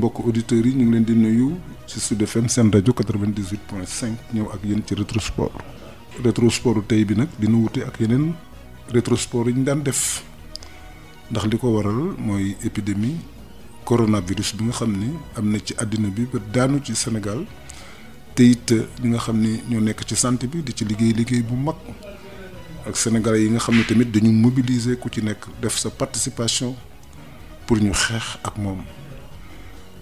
bokk auditeurs yi ñu ngi leen di nuyu ci Sud FM seen rajo 98 point 5 ñëw ak yéen ci rétro sport rétro tey bi nag dina wute ak yeneen rétrosport sport yi ñu daan def ndax li ko waral mooy épidémie coronavirus bi nga xam ni am na ci àddina bi ba daanu ci Sénégal te it ñi nga xam ni ñoo nekk ci santé bi di ci liggéey liggéey bu mag ak sénégalais yi nga xam ne tamit dañu mobiliser ku ci nekk def sa participation pour ñu xeex ak moom.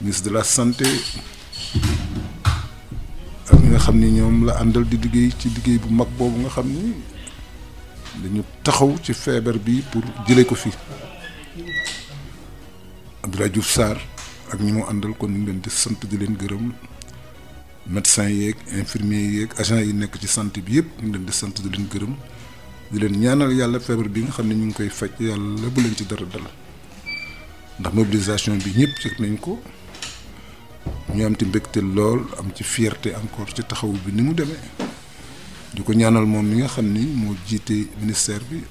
ministre de la santé ak nga xam ni ñoom la àndal di liggéey ci liggéey bu mag boobu nga xam ni dañu taxaw ci feebar bi pour jëlee ko fi Abdoulaye Diouf Sarr ak ñi mu àndal kon ñu leen di sant di leen gërëm médecin yeeg infirmier yeeg agent yi nekk ci santé bi yëpp ñu leen di sant di leen gërëm di leen ñaanal yàlla feebar bi nga xam ne ñu ngi koy faj yàlla bu leen ci dara dal ndax mobilisation bi ñëpp yëg nañ ko. ñu am ci mbégte lool am ci fierté encore ci taxaw bi ni mu demee di ko ñaanal moom mi nga xam ni moo jiite ministère bi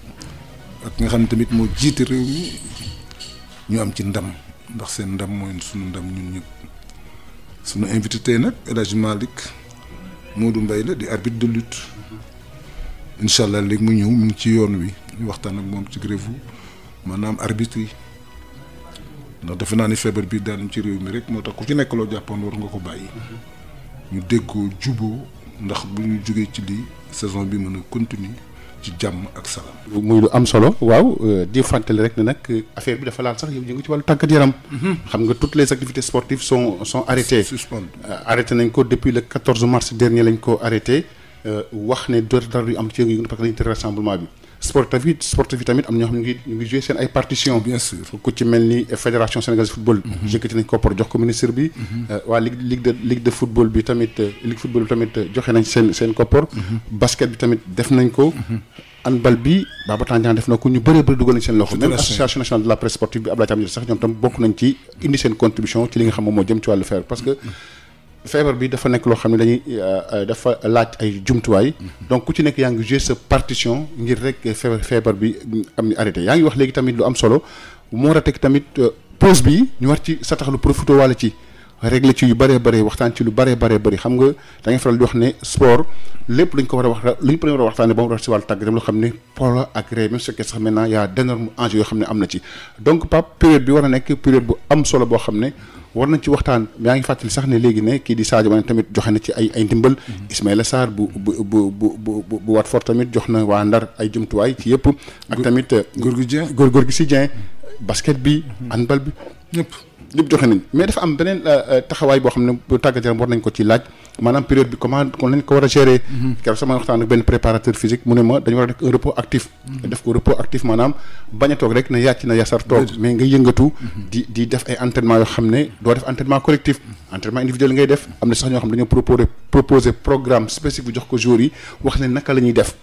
ak nga xam ni tamit moo jiite réew mi ñu am ci ndam ndax seen ndam mooy suñu ndam ñu ñëpp sunu invité nag El Hadj Malick Modou Mbaye la di arbitre de lutte incha allah léegi mu ñëw mu ngi ci yoon wi ñu waxtaan ak moom ci grève maanaam arbitre ndax defe naa ni feebar bi daanu ci réew mi rek moo tax ku ci nekk loo jàppoon war nga ko bàyyi. Mhm. ñu déggoo juboo ndax bu ñu jógee ci lii saison bi mën a continuer ci jàmm ak salaam. muy lu am solo waaw euh, di fàttali rek ne nag euh, affaire bi dafa laal sax yow ñu ngi ci wàllu tàggat yaram. Mhm. xam nga toutes les activités sportives sont son arrêtées. suspendues euh, arrêté nañ ko depuis le 14 mars dernier lañ ko arrêté wax ne dootul dara am ci yëngu-yëngu parce que dañu tere rassemblement bi. sportif yi sportif yi tamit am ñoo xam ne ngi ñu ngi joué seen ay partition bien sûr ku ci mel ni fédération sénégalaise de football mhm. yëkkati nañ koppar jox ko ministre bi mhm. euh, waa ligue ligue de tamit euh, euh, joxe nañ seen seen koppar mhm. basket bi tamit def nañ ko handball bi Baba Tandian def na ko ñu bëree bëri dugal nañ seen loxo même association nationale de la presse sportive bi Abdoulaye Thiam sax ñoom tam bokk nañ ci indi seen contribution ci li nga xam moo jëm ci wàllu faire parce que feebar bi dafa nekk loo xam ne dañuy euh, euh, dafa laaj ay jumtuwaay donc ku ci nekk yaa ngi jouer sa partition ngir rek feebar feebar bi mm, am ni arrêté yaa ngi wax léegi tamit lu am solo moo a teg tamit euh, pause bi ñu wax ci sa tax lu profité wàll ci régler ci yu bëree bëri waxtaan ci lu bëree bare bëri xam nga da ngay faral di wax ne sport lépp luñ ko war a wax luñ ko war a waxtaanee ba mu war si wàllu tàgg dem loo xam ne polo ak ré même su fekkee sax maintenant y a d'énormes enjeux yoo xam ne am na ci donc Pape période bi war a nekk période bu am solo boo xam ne war nañ ci waxtaan maa ngi fàttali sax ne léegi ne kii di Sadio Mané tamit joxe na ci ay ay ndimbal mhm. Ismaïla Sarr bu bu bu bu bu Watford tamit jox na waa Ndar ay jumtuwaay ci yëpp ak tamit euh, góor gu Dieng góor góor gi si Dieng basket bi mhm. handball bi ñëpp lépp joxe nañ mais dafa am beneen euh, euh, taxawaay boo xam ne bu tàggat yaram war nañ ko ci laaj maanaam période bi comment kon lañ ko war a gérer mm-hmm. keroog sama waxtaan benn préparateur physique mu ne ma dañu war a def un mm-hmm. a toog rek na yàcc na yasar toog mais nga mm-hmm. di di def ay xam ne doo def entraînement collectif entraînement individuel ngay def am na sax ñoo xam ne dañoo proposé proposé programme spécifique bu jox ko joueurs yi wax ne naka la ñuy def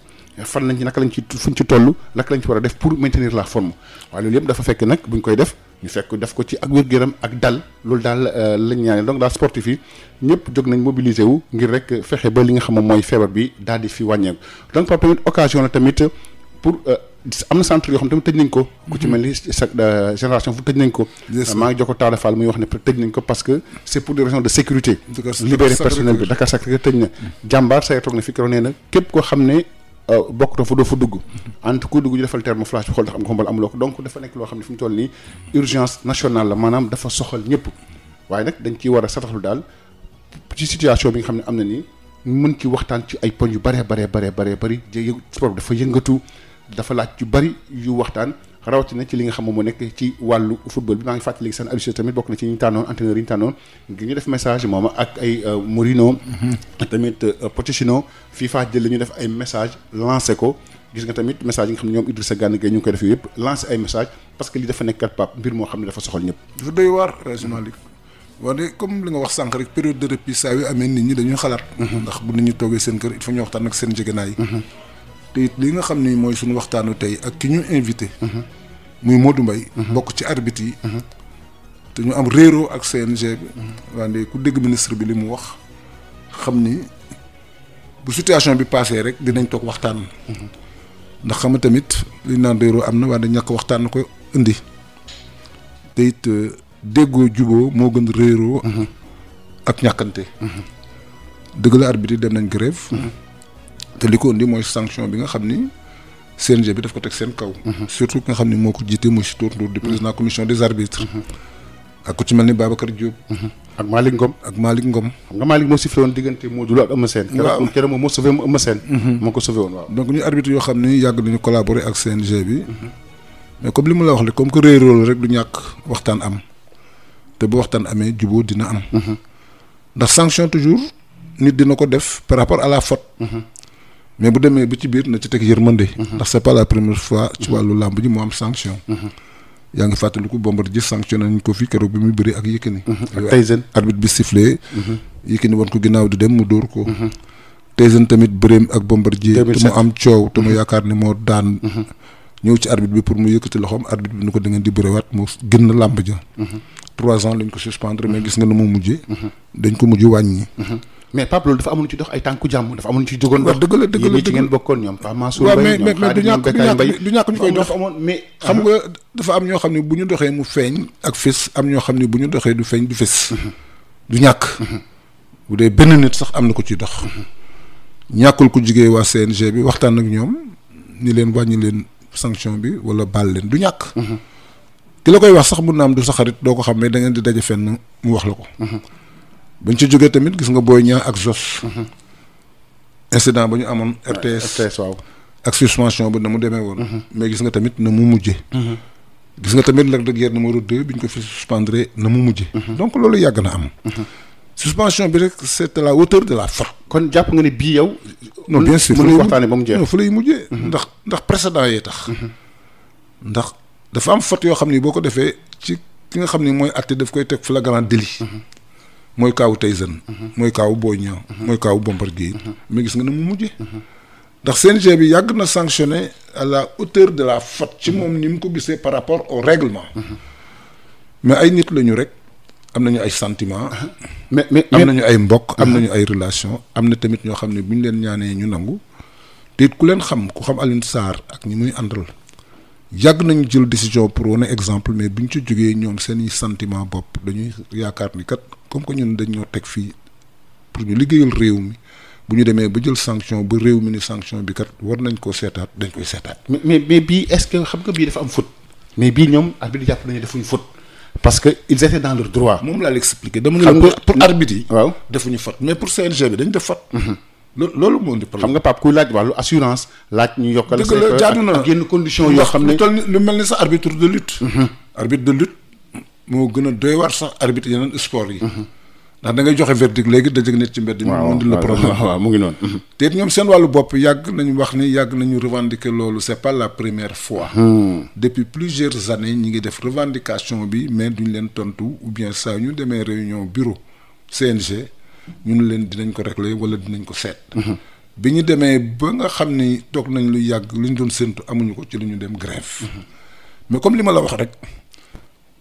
fan lañ ci naka lañ ci fuñ ci toll naka lañ ci war a def pour maintenir la forme waaye loolu yëpp dafa fekk nag buñ koy def ñu fekk def ko ci ak wér-gu-yaram ak dal loolu daal euh, lañ ñaane donc daal sportif yi ñëpp jog nañ mobiliser wu ngir rek fexe ba li nga xam moom mooy feebar bi daal di fi wàññeeku donc par tamit occasion tamit pour euh, am yoo xam ko ku ci mm-hmm. mel ni euh, génération fu tëj nañ ko maa ngi joko Talla parce que c'est pour des raisons de sécurité libérer personnel bi Dakar Sacré-Cœur tëj na jàmbaar say toog na fi keroog nee na képp ko xam ne Euh, bokk na fa doo fa dugg en ku dugg ñu defal thermoflash bi xool ndax am nga xombal amuloo ko donc dafa nekk loo xam ne fi mu toll nii urgence nationale la maanaam dafa soxal ñëpp waaye nag dañ ciy war a sataxlu daal ci situation bi nga xam ne am na nii mun ci waxtaan ci ay poñ yu bare bare bare bari bëri sport dafa yëngatu dafa laaj yu bëri yu waxtaan rawatina ci li nga xam moom moo nekk ci wàllu football bi maa ngi fàttali seen Aliou Cissé ñu tànnoon entraîneur yi ñu tànnoon ngir ñu euh, mhm. euh, gis nga tamit message nga xam ne ñoom Idrissa Gana Gueye ñu ngi koy def yëpp lancé ay message parce que li dafa nekk kat Pape mbir moo xam ne dafa soxal ñëpp dafa doy waar régional ligue wante comme li nga wax sànq rek période de repli saa amee nit ñi dañuy xalaat mhm. ndax bu nit ñi toogee seen kër il faut ñu waxtaan ak seen jegenaay mhm. te li nga xam ni mooy suñu waxtaanu tey ak ki ñu invité. Mhm. muy Modou Mbaye mbokk mhm. ci arbitre yi. Mhm. te ñu am réeroo ak CNG bi. wante ku dégg ministre bi li mu wax xam ni bu situation bi passé rek dinañ toog waxtaan. ndax xam tamit li naan réeroo am na wante ñàkk waxtaan na ko indi te euh, déggoo juboo moo gën réeroo. ak ñàkkante. dëgg la arbitre yi dem nañ grève. te li ko indi mooy sanction bi nga xam ni CNG bi daf ko teg seen kaw. Mhm. surtout ki nga xam ni moo ko jiite muy Sitor Ndour di président mhm. commission des arbitres. Mhm. ak ku ci mel ni Babacar Diop. ak Malick Ngom ak Malick Ngom. xam nga Malick moo sifflé woon diggante Modou Lo ak Eumeu Sène. waaw keroog moom moo sauvé moo ko sauvé woon waaw. donc ñuy arbitre yoo xam ni yàgg nañu collaborer ak CNG bi. mais comme li ma la wax rek comme que réeróo rek du ñàkk waxtaan am te bu waxtaan amee jubóo dina am. ndax sanction toujours nit dina ko def par la faute. mais bu demee bi ci biir na ci teg yërmande. Mhm. ndax c'est pas la première fois. ci mhm. wàllu làmb ji mu am sanction. Mhm. yaa ngi fàttaliku Bombardier sanctionné nañ ko fi keroog bi muy bëri ak Yékini. ak Tyson arbitre bi sifflé. Yékini woon ko ginnaaw di dem mu dóor ko. Tyson tamit bëreem ak Bombardier. te mu am coow te mu yaakaar ni moo daan. ñëw ci arbitre bi pour mu yëkkati loxoom arbitre bi ni ko da ngeen di bëriwaat mu génn làmb ja. trois ans lañ ko suspendre mais gis nga nu mu mujjee. dañ ko mujj wàññi. mais Pape loolu dafa amoon ci dox ay tànku jàmm dafa amoon ci jógoon dox dëgg la dëgg la ci ngeen bokkoon ñoom Pape Mansour Mbaye ñoom du ñàkk ñu koy mais xam nga dafa am ñoo xam ne bu ñu doxee mu feeñ ak fés am ñoo xam ne bu ñu doxee du feeñ du fés mm-hmm. du ñàkk mm-hmm. bu dee benn sax am na ko ci dox mm-hmm. ñàkkul ku jigee waa CNG bi waxtaan ak ñoom ni leen wàññi leen sanction bi wala baal leen du ñàkk ki la koy wax sax mun na am du sa xarit doo ko xam ne da ngeen di daje fenn mu wax la ko bañ ci jógee tamit gis nga Boy Niang ak Zos. Mhm. incident ba ñu amoon. RTS RTS waaw. ak suspension ba na mu demee woon. Mhm. mais gis nga tamit na mu mujje mhm. gis nga tamit Lac de Guiers numéro deux bi ñu ko fi suspendre na mu mujje donc loolu yàgg na am. suspension bi rek c' la hauteur de la frappe. kon jàpp nga ne bii yow. noo bien sûr mënuñ waxtaanee ba mu jeex non fu lay mujjee. ndax ndax précédent yee tax. ndax dafa am fot yoo xam ni boo ko defee ci ki nga xam ni mooy àtte daf koy teg flagrant délit. mooy kaawu Tyson mhm. mooy kaawu Boy Niang mhm. mooy kaawu Bombardier mhm. mais gis nga ne mu mujje ndax CNG bi yàgg na sanctionné à la hauteur de la faute ci moom ni mu ko gisee par rapport au réglement mais ay nit lañu rek am nañu ay sentiment mais mais am nañu ay mbokk am nañu ay relation am na tamit ñoo xam ne bu ñu leen ñaanee ñu nangu te it ku leen xam ku xam Alioune Sarr ak ñi muy àndal yàgg nañu jël décision pour wane exemple mais bu ñu ci jógee ñoom seeni sentiment bopp dañuy yaakaar ni kat comme que ñun dañoo teg fii pour ñu liggéeyal réew mi bu ñu demee ba jël sanction ba réew mi ni sanction bi kat war nañ ko seetaat dañ koy seetaat. mais mais bii est-ce que xam nga bii dafa am faute mais bii ñoom arbitre jàpp nañu defuñu faute parce que ils étaient dans leur droit. moom laa lay expliquer dama ne pour arbitre yi. waaw defuñu faute mais pour CNG bi dañ def faute. Mhm. loolu moo indi problème xam nga Pape kuy laaj wàllu assurance laaj ñu yokkal. dëgg jaadu na ak yenn conditions xam ne lu toll ni lu mel ni sax arbitre de lutte. Mhm. arbitre de lutte moo gën a doy waar sax arbitre yeneen sport yi. Mhm. ndax da ngay joxe verdict léegi da dajëg nit ci mbedd mi moom di la problème waaw mu ngi noonu mhm. te it ñoom seen wàllu bopp yàgg nañu wax ni yàgg nañu revendiquer loolu c'est pas la première fois depuis plusieurs années ñi ngi def revendication bi mais duñ leen tontu ou bien saa ñu demee réunion bureau CNG ñu ne leen dinañ ko réglé wala dinañ ko seet. Mhm. bi ñu demee ba nga xam ni toog nañ lu yàgg lu ñu doon séntu amuñu ko ci lu ñu dem grève. Mhm. mais comme li ma la wax rek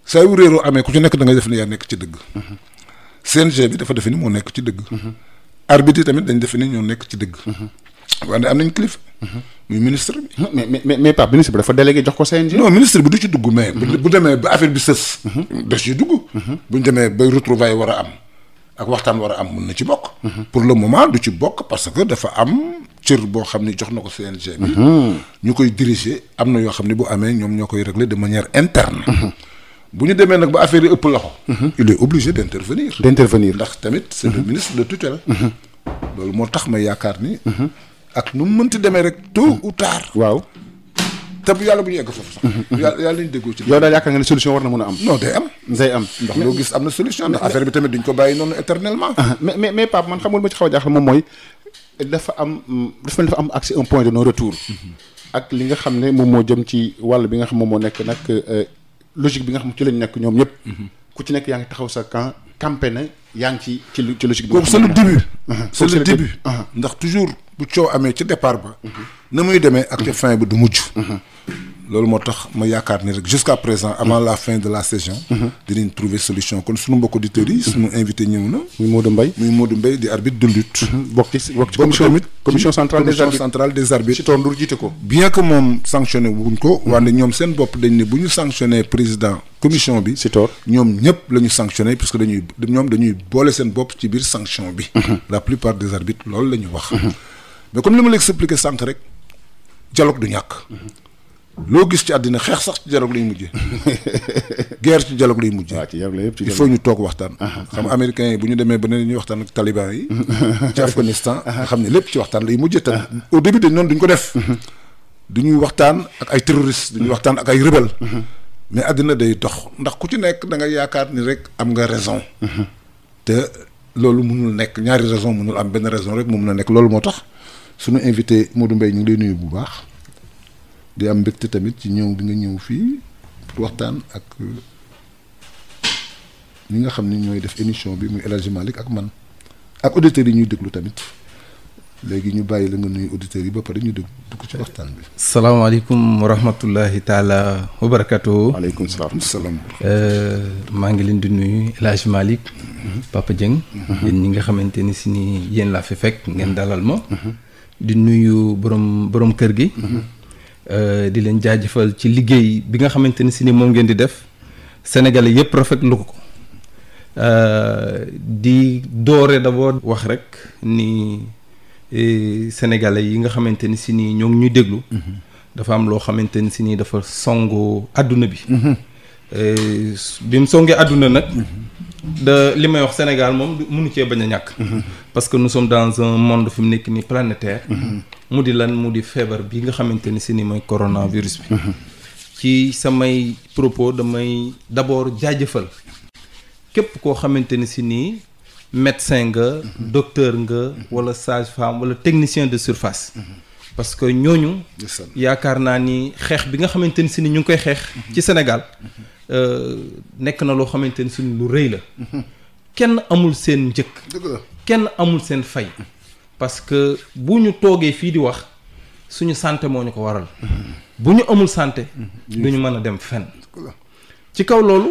saa yu réeroo amee ku ci nekk da ngay def nekk ci dëgg. Mhm. CNG bi dafa defe ni moo nekk ci dëgg. arbitre yi tamit dañ defe ni ñoo nekk ci dëgg. waaye am nañ kilifa. muy ministre bi. mais mais mais Pape ministre bi dafa délégué jox ko CNG. ministre bi du ci dugg mais. bu demee ba affaire bi sës. da ciy dugg. bu ñu demee ba retrouvailles war a am. ak waxtaan war a am mun na ci bokk. pour le moment du ci bokk parce que dafa am cër boo xam ni jox na ko CNG. Mhm. ñu koy diriger am na yoo xam ni bu amee ñoom ñoo koy réglé de manière interne. Mhm. bu ñu demee nag ba affaire yi ëpp loxo. Mhm. il est obligé d' intervenir. d' intervenir ndax tamit c' est ministre de tutelle. loolu moo tax ma yaakaar ni. ak nu mu mënti demee rek tôt ou tard. waaw. te bu yàlla bu ñu egg foofu sax mhm. yàlla yàlla nañ déggoo ci yow daal yaakaar nga ne solution war na mën a am non day am day am ndax loo gis am na solution ndax affaire bi tamit duñ ko bàyyi noonu éternellement ah, mais mais mais man xamul ma ci xaw a jaaxal moom mooy dafa am dafa mel dafa mhm. ak li nga xam ne moom moo jëm ci wàll bi nga xam moom moo nekk nag euh, logique bi nga xam ci lañ nekk ñoom mhm. ku ci nekk yaa ngi taxaw sa camp na yaa ngi ci ci ci logique bi boobu c'est le début c'est ndax toujours bu coow amee ca départ ba na muy demee ak ca fin bi du mujj loolu moo tax ma yaakaar ni rek jusqu'à présent avant la fin de la saison mhm. dinañ trouver solution kon suñu mbokk auditeurs yi suñu invité ñëw na muy Modou Mbaye muy Modou Mbaye di arbitre de lutte mhm. bokk ci bokk ci commission commission centrale des arbitres centrale des arbitres ci tondur jiite ko bien que moom sanctionné wuñ ko mhm. wante ñoom seen bopp dañ ne bu ñu sanctionné président commission bi si toor ñoom ñëpp la ñu sanctionné puisque dañuy ñoom dañuy boole seen bopp ci biir sanction bi la plupart des arbitres loolu la ñu wax mais comme li ma la expliqué sànq rek dialogue du ñàkk loo gis ci àddina xeex sax ci dialogue lay mujjee guerre ci dialogue lay ci dialogue yëpp ci il faut ñu toog waxtaan. xam américains yi bu ñu demee ba ne ñuy waxtaan ak taliban yi. ci Afghanistan. xam ne lépp ci waxtaan lay mujjee tam. au début dañ noonu duñ ko def. duñuy waxtaan ak ay terroristes duñuy waxtaan ak ay rebelles. mais àddina day dox ndax ku ci nekk da nga yaakaar ni rek am nga raison. te loolu mënul nekk ñaari raison mënul am benn raison rek mu mun a nekk loolu moo tax sunu invité moo Mbaye ñu ngi lay nuyu bu baax. di am mbégte tamit ci ñëw bi nga ñëw fii pour waxtaan ak euh, ñi nga xam ni ñooy def émission bi muy El Hadji ak man ak auditeurs yi ñuy déglu tamit léegi ñu bàyyi la nga nuyu auditeurs yi ba pare ñu déglu dugg ci waxtaan bi. salaamaaleykum wa rahmatullahi taala wa barakaatu. waaleykum salaam. Euh, maa ngi leen di nuyu El Hadji Malick. Papa Dieng. yéen ñi nga xamante ni si ni yéen laa fi fekk. ngeen dalal ma. Mhm. di nuyu borom borom kër gi. Mhm. Euh, di leen jaajëfal ci liggéey bi nga xamante ni si ni moom ngeen di def sénégalais yëpp rafetlu ko euh, di doore d'abord wax rek ni e, sénégalais yi nga xamante ni si nii ñoo ngi ñuy déglu. Mm-hmm. dafa am loo xamante ni si nii dafa songo àdduna bi. Mm-hmm. E, bi mu songee àdduna nag. Mm-hmm. da li may wax Sénégal moom mënu cee bañ a ñàkk. parce que nous sommes dans un monde fi mu nekk nii planétaire. Mhm. mu di lan mu di feebar bi nga xamante ni si ni mooy coronavirus bi. Mhm. ci samay propos damay d'abord jaajëfal képp koo xamante ni si nii médecin nga. Mhm. docteur nga. wala sage-femme wala technicien de surface. parce que ñooñu. yaakaar naa ni xeex bi nga xamante ni si ni ñu ngi koy xeex. ci Sénégal euh, nekk na loo xamante ni si lu rëy la. kenn amul seen njëkk. kenn amul seen fay parce que bu ñu toogee fii di wax suñu santé moo ñu ko waral bu ñu amul santé duñu mën a dem fenn ci kaw loolu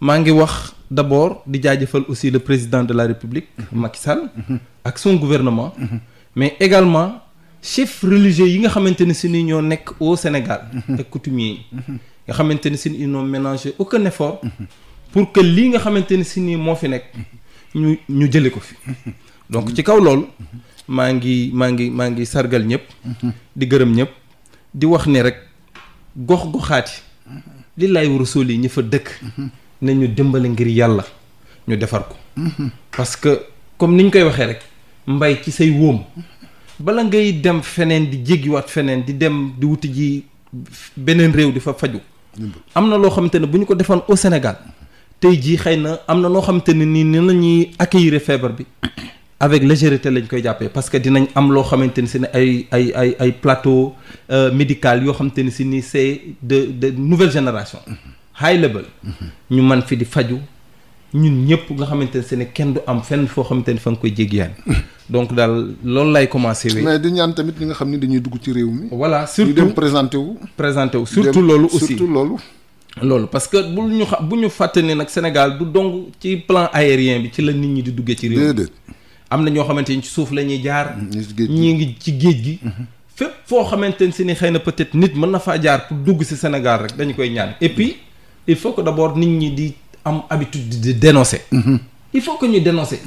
maa ngi wax d'abord di jaajëfal aussi le président de la république Macky Sall ak son gouvernement mais également chef religieux yi nga xamante ne si nii ñoo nekk au Sénégal ak coutumiers nga xamante ne si ni ils n'ont ménagé pour que lii nga xamante ne si nii moo fi nekk ñu ñu jëlee ko fi donc ci kaw loolu maa ngi maa ngi maa ngi sargal ñëpp di gërëm ñëpp di wax ni rek gox goxaati li laay rasul yi ñi fa dëkk ne ñu dimbale ngir yàlla ñu defar ko parce que comme ni ñu koy waxee rek mbay ci say wóom bala ngay dem feneen di jéggiwaat feneen di dem di wuti ji beneen réew di fa faju am na loo xamante ne bu ñu ko defan au Sénégal tey jii xëy na am na noo xamante ne nii ni nañuy ñuy accueillir feebar bi avec légèreté lañ koy jàppee parce que dinañ am loo xamante ne si ne ay ay ay ay plateau euh, médical yoo xamante ne si ni c'est de de nouvelle génération mm-hmm. high level mm-hmm. ñu man fi di faju ñun ñëpp nga xamante ne si kenn du am fenn foo xamante ne fa nga koy jéggi mm-hmm. donc daal loolu lay commencé. wéy mais di ñaan tamit ñi nga xam ni dañuy dugg ci réew mi. voilà surtout ñu présenté wu. présenté wu surtout loolu aussi surtout loolu. loolu parce que bul ñu xa bu ñu fàtte nag Sénégal du dong ci plan aérien bi ci la nit ñi di duggee ci réew mi am na ñoo xamante ni ci suuf la ñuy jaar ñii ngi ci géej gi mhm. fépp foo xamante ne si ni xëy na peut-être nit mën na faa jaar pour dugg si Sénégal rek dañu koy ñaan et puis il faut que d'abord nit ñi di am habitude di dénoncer mhm. il faut que ñuy dénoncer.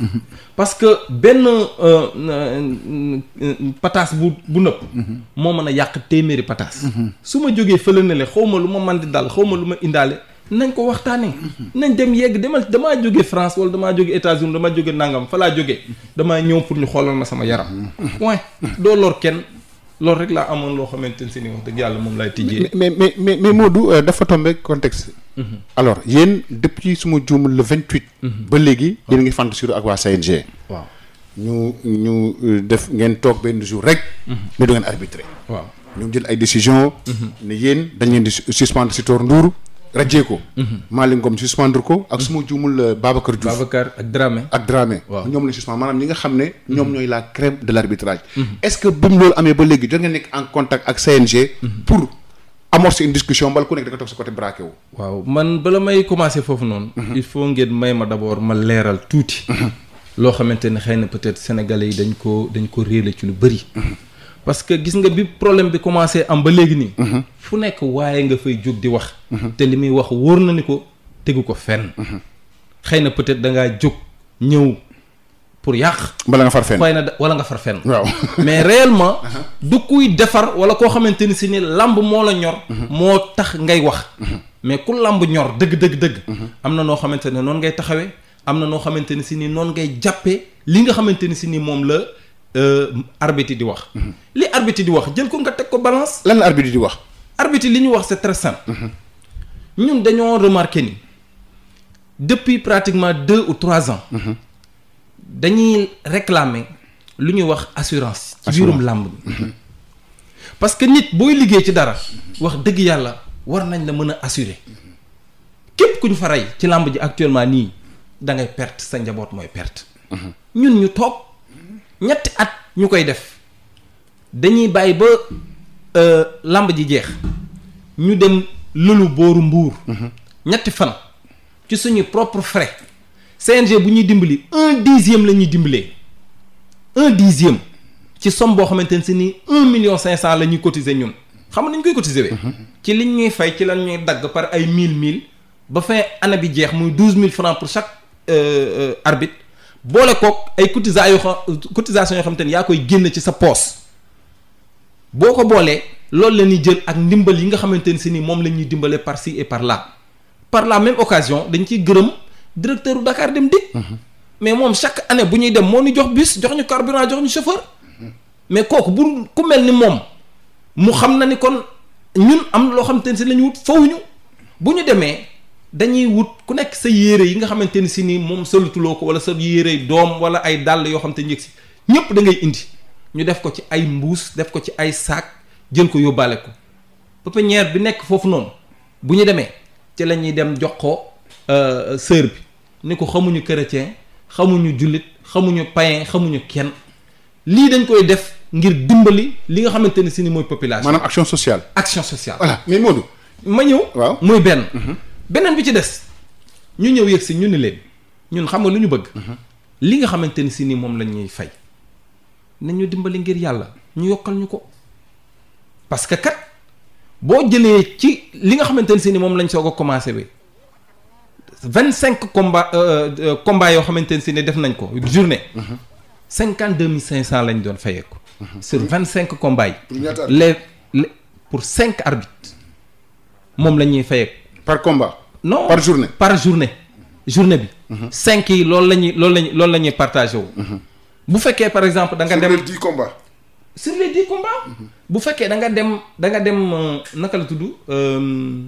parce que benn euh, euh, pataas bu bu nëpp. Mhm. moo mën a yàq téeméeri pataas. Mhm. su ma jógee fële ne xaw ma lu ma man di dal xaw ma lu ma indaale nañ ko waxtaanee. Mhm. nañ dem yegg demal damaa jóge France wala damaa jóge États-Unis damaa jóge nangam fa laa jóge damaa ñëw pour ñu xoolal ma sama yaram. doo lor kenn. loolu rek laa amoon loo xamante ne si ni wax dëgg yàlla moom laay tijjee. mais mais mais mais Modou euh, dafa tombé contexte. Mhm. alors yéen depuis suma juumul le vingt huit. Mhm. ba léegi yéen ngi fànt sur ak waa CNG. waaw ñu ñu euh, def ngeen toog benn jour rek. Mhm. ne du ngeen arbitré. waaw ñu jël ay décision. ne yéen dañ leen di suspendre si Tor Ndour. rajee ko. Mhm. Malick Ngom suspendre ko. ak su ma mhm. juumul euh, Babacar Diouf Babacar ak Dramé. ak Dramé waaw ñoom la suspendre maanaam ñi nga xam ne. Mhm. ñoom ñooy la crème de l' arbitrage. est-ce que bi mu loolu amee ba léegi jot nga nekk en contact ak CNG. pour amorcer une discussion mbal ku nekk da nga toog sa côté braqué wu. waaw man bala may commencer foofu noonu. il faut ngeen may ma d' abord ma leeral tuuti. loo xamante ne xëy na peut-être sénégalais yi dañ ko dañ ko réeré ci lu bëri. parce que gis nga bi problème bi commencé am ba léegi nii. Mhm. fu nekk waaye nga fay jóg di wax. Mhm. te li muy wax wóor na ni ko tegu ko fenn. Mhm. xëy na peut-être da ngaa jóg ñëw pour yàq. bala nga far fenn xëy na wala nga far fenn. waaw mais réellement. du kuy defar wala koo xamante ni si ni làmb moo la ñor. moo tax ngay wax. mais ku làmb ñor dëgg dëgg dëgg. am na noo xamante ne noonu ngay taxawee am na noo xamante ni si nii noonu ngay jàppee li nga xamante ni si nii moom la. Euh, arbitre di wax. Mhm. li arbitre di wax jël ko nga teg ko balance. lan la arbitre di wax. arbitre li ñu wax sa très simple. Mhm. ñun dañoo remarqué ni depuis pratiquement deux ou trois ans. Mhm. dañuy réclamer lu ñuy wax assurance. ci biirum làmb bi. parce que nit booy liggéey ci dara. wax dëgg yàlla war nañ la mën a assurer. képp ku ñu fa rey ci làmb ji actuellement nii da ngay perte sa njaboot mooy perte. ñun ñu toog. ñetti at ñu koy def dañuy bàyyi ba euh, làmb ji jeex ñu dem lëlu booru mbuur mhm. ñetti fan ci suñu propre frais CNG bu ñuy dimbali un dixième la ñuy dimbalee un dixième ci somme boo xamante ne si ni un million cinq cent la ñuy cotiser ñun xam nañ koy cotiser bi mhm. ci liñ ñuy fay ci lan ñuy dagg par ay mille mille ba fin année bi jeex muy douze mille francs pour chaque euh, euh, arbitre boole kook ay cotisation yoo xam cotisation yoo xam ni yaa koy génn ci sa poos boo ko boolee loolu la ñuy jël ak ndimbal yi nga xamante ne si ni moom la ñuy dimbale par ci et par là par la même occasion dañ ciy gërëm directeur bu Dakar dem dikk mhm. mais moom chaque année bu ñuy dem moo ñu jox bus jox ñu carburant jox ñu chauffeur mais kooku bu ku mel ni moom mu xam na ni kon ñun am loo xamante ne si la ñu wut ñu bu ñu demee dañuy wut ku nekk sa yére yi nga xamante ni si nii moom solutuloo ko wala sa yére doom wala ay dàll yoo xam te njëg si ñëpp dangay indi ñu def ko ci ay mbuus def ko ci ay saak jël ko yóbbaale ko pépinière bi nekk foofu noonu bu ñu demee ci lañuy dem jox ko euh, sër bi ni ko xamuñu chrétien xamuñu jullit xamuñu païen xamuñu kenn lii dañ koy def ngir dimbali li nga xamante ni si ni mooy population. maanaam action sociale. action sociale voilà mais Modou. ma ñëw. beneen bi ci des ñu ñëw yëg si ñu ni leen ñun xam nga lu ñu bëgg. Mhm. li nga xamante ni si ni moom la ñuy fay ñu dimbali ngir yàlla ñu yokkal ñu ko parce que kat boo jëlee ci li nga xamante ni si ni moom lañ soog a commencé bi vingt cinq combat euh, euh, combat yoo xamante ni si ni def nañ ko journée. Mhm. cinquante deux mille cinq cent lañ doon fayeeku. Mhm. sur vingt cinq combats yi. les pour cinq arbitres moom la ñuy fayeeku. par combat. non par journée par journée. journée bi. cinq yi lool la ñuy loolu la ñuy loolu la ñuy partagé wu. Mhm. bu fekkee par exemple da nga dem sur les dix combats. sur les dix combats. Mhm. bu fekkee da nga dem da nga dem euh, naka la tudd. Euh,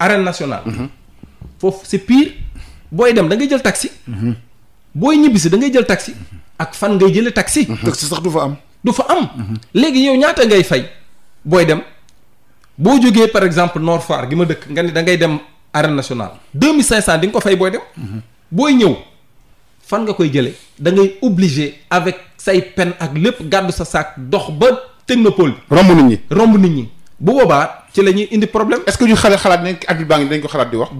arène nationale. Mhm. foofu c'est pire booy dem da ngay jël taxi. booy ñibbisi da ngay jël taxi. ak fan ngay jëlee taxi. taxi sax du fa am. du fa am. léegi yow ñaata ngay fay booy dem. boo jógee par exemple Nord Foire gi ma dëkk nga ni da ngay dem arène nationale deux mille cinq cent ko fay booy dem mhm. booy ñëw fan nga koy jëlee da ngay obligé avec say pen ak lépp gàddu sa saak dox ba technopole bi romb nit ñi romb nit ñi bu boobaa ci la ñuy indi problème est-ce que ñu xale xalaat ne arbitre baa ngi dañ ko xalaat di wax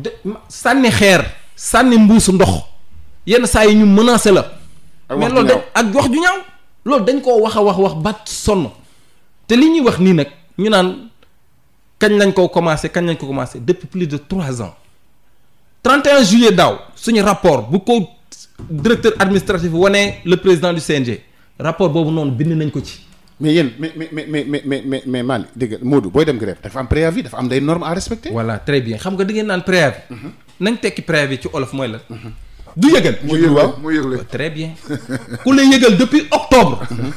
sànni xeer sànni mbuusu ndox yenn saa yi ñu menacé la mais loolu dañ ak wax ju ñaaw loolu dañ koo wax a wax wax ba sonn te li ñuy wax nii nag ñu naan kañ lañ ko commencé kañ lañ ko commencé depuis plus de trois ans 31 juillet daaw suñu rapport bu ko directeur administratif wane le président du CNG rapport boobu noonu bind nañ ko ci. mais yéen mais mais mais mais mais mais mais Malick dégg nga Modou booy dem grève dafa am préavis dafa am day normes à respecter. voilà très bien xam nga da ngeen naan préavis. Mhm. nañ tekki préavis ci olof mooy la. Mhm. du yëgal. mu yëgal mu yëgal très bien. ku lay yëgal depuis octobre. Mhm.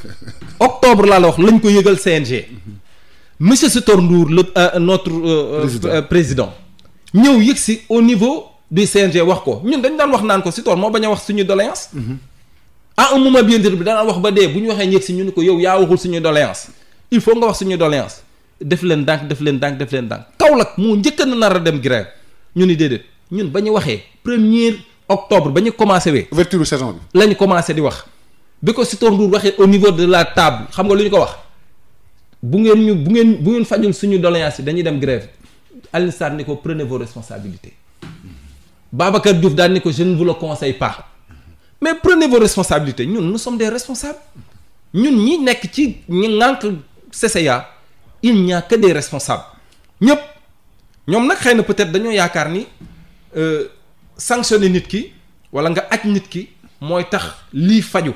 octobre la wax lañ ko yëgal CNG. monsieur Sitor Ndour le euh, notre. Euh, euh, euh président ñëw yëg si au niveau du CNG wax ko ñun dañ daan wax naan ko Sitor moo bañ a wax suñu doléance. Mhm. à un moment bien bi daan wax ba dee bu ñu waxee yëg si ñu ni ko yow yaa waxul suñu doléance il faut nga wax suñu doléance def leen dànk def leen dànk def leen dànk Kaolack moo njëkk na nar a dem grève ñu ni déedéet ñun ba ñu waxee premier octobre ba ñu commencé wee. ouverture saison bi la ñu commencé di wax. bi ko Sitor Ndour waxee au niveau de la table xam nga lu ñu ko wax. bu ngeen ñu bu ngeen bu ngeen fajul suñu doléance yi dañuy dem grève Alioune Sarr ni ko prenez vos responsabilités Babacar Diouf daal ni ko jeune ne vous le pas mais prenez vos responsabilités ñun nous sommes des responsables ñun ñi nekk ci ñi ngànk CCA il n'y a que des responsables ñëpp ñoom nag xëy na peut-être dañoo yaakaar ni euh, sanctionner nit ki walla nga aj nit ki mooy tax lii faju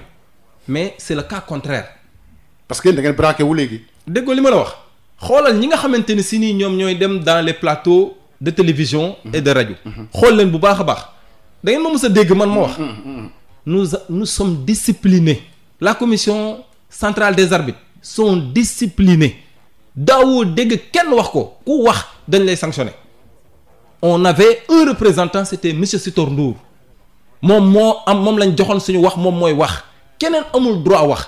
mais c'est le cas contraire. parce que da ngeen braqué wu léegi. déggoo li ma la wax xoolal ñi nga xamante ne si nii ñoom ñooy dem dans les plateau de télévision et de rajo xool leen bu baax a baax da ma mës a dégg man ma wax nous nous sommes disciplinés la commission centrale des arbitres sont disciplinés daawoo dégg kenn wax ko ku wax dañ lay sanctionner on avait un représentant c'était monsieur Sitor Ndour moom moo am moom lañ joxoon suñu wax moom mooy wax keneen amul droit wax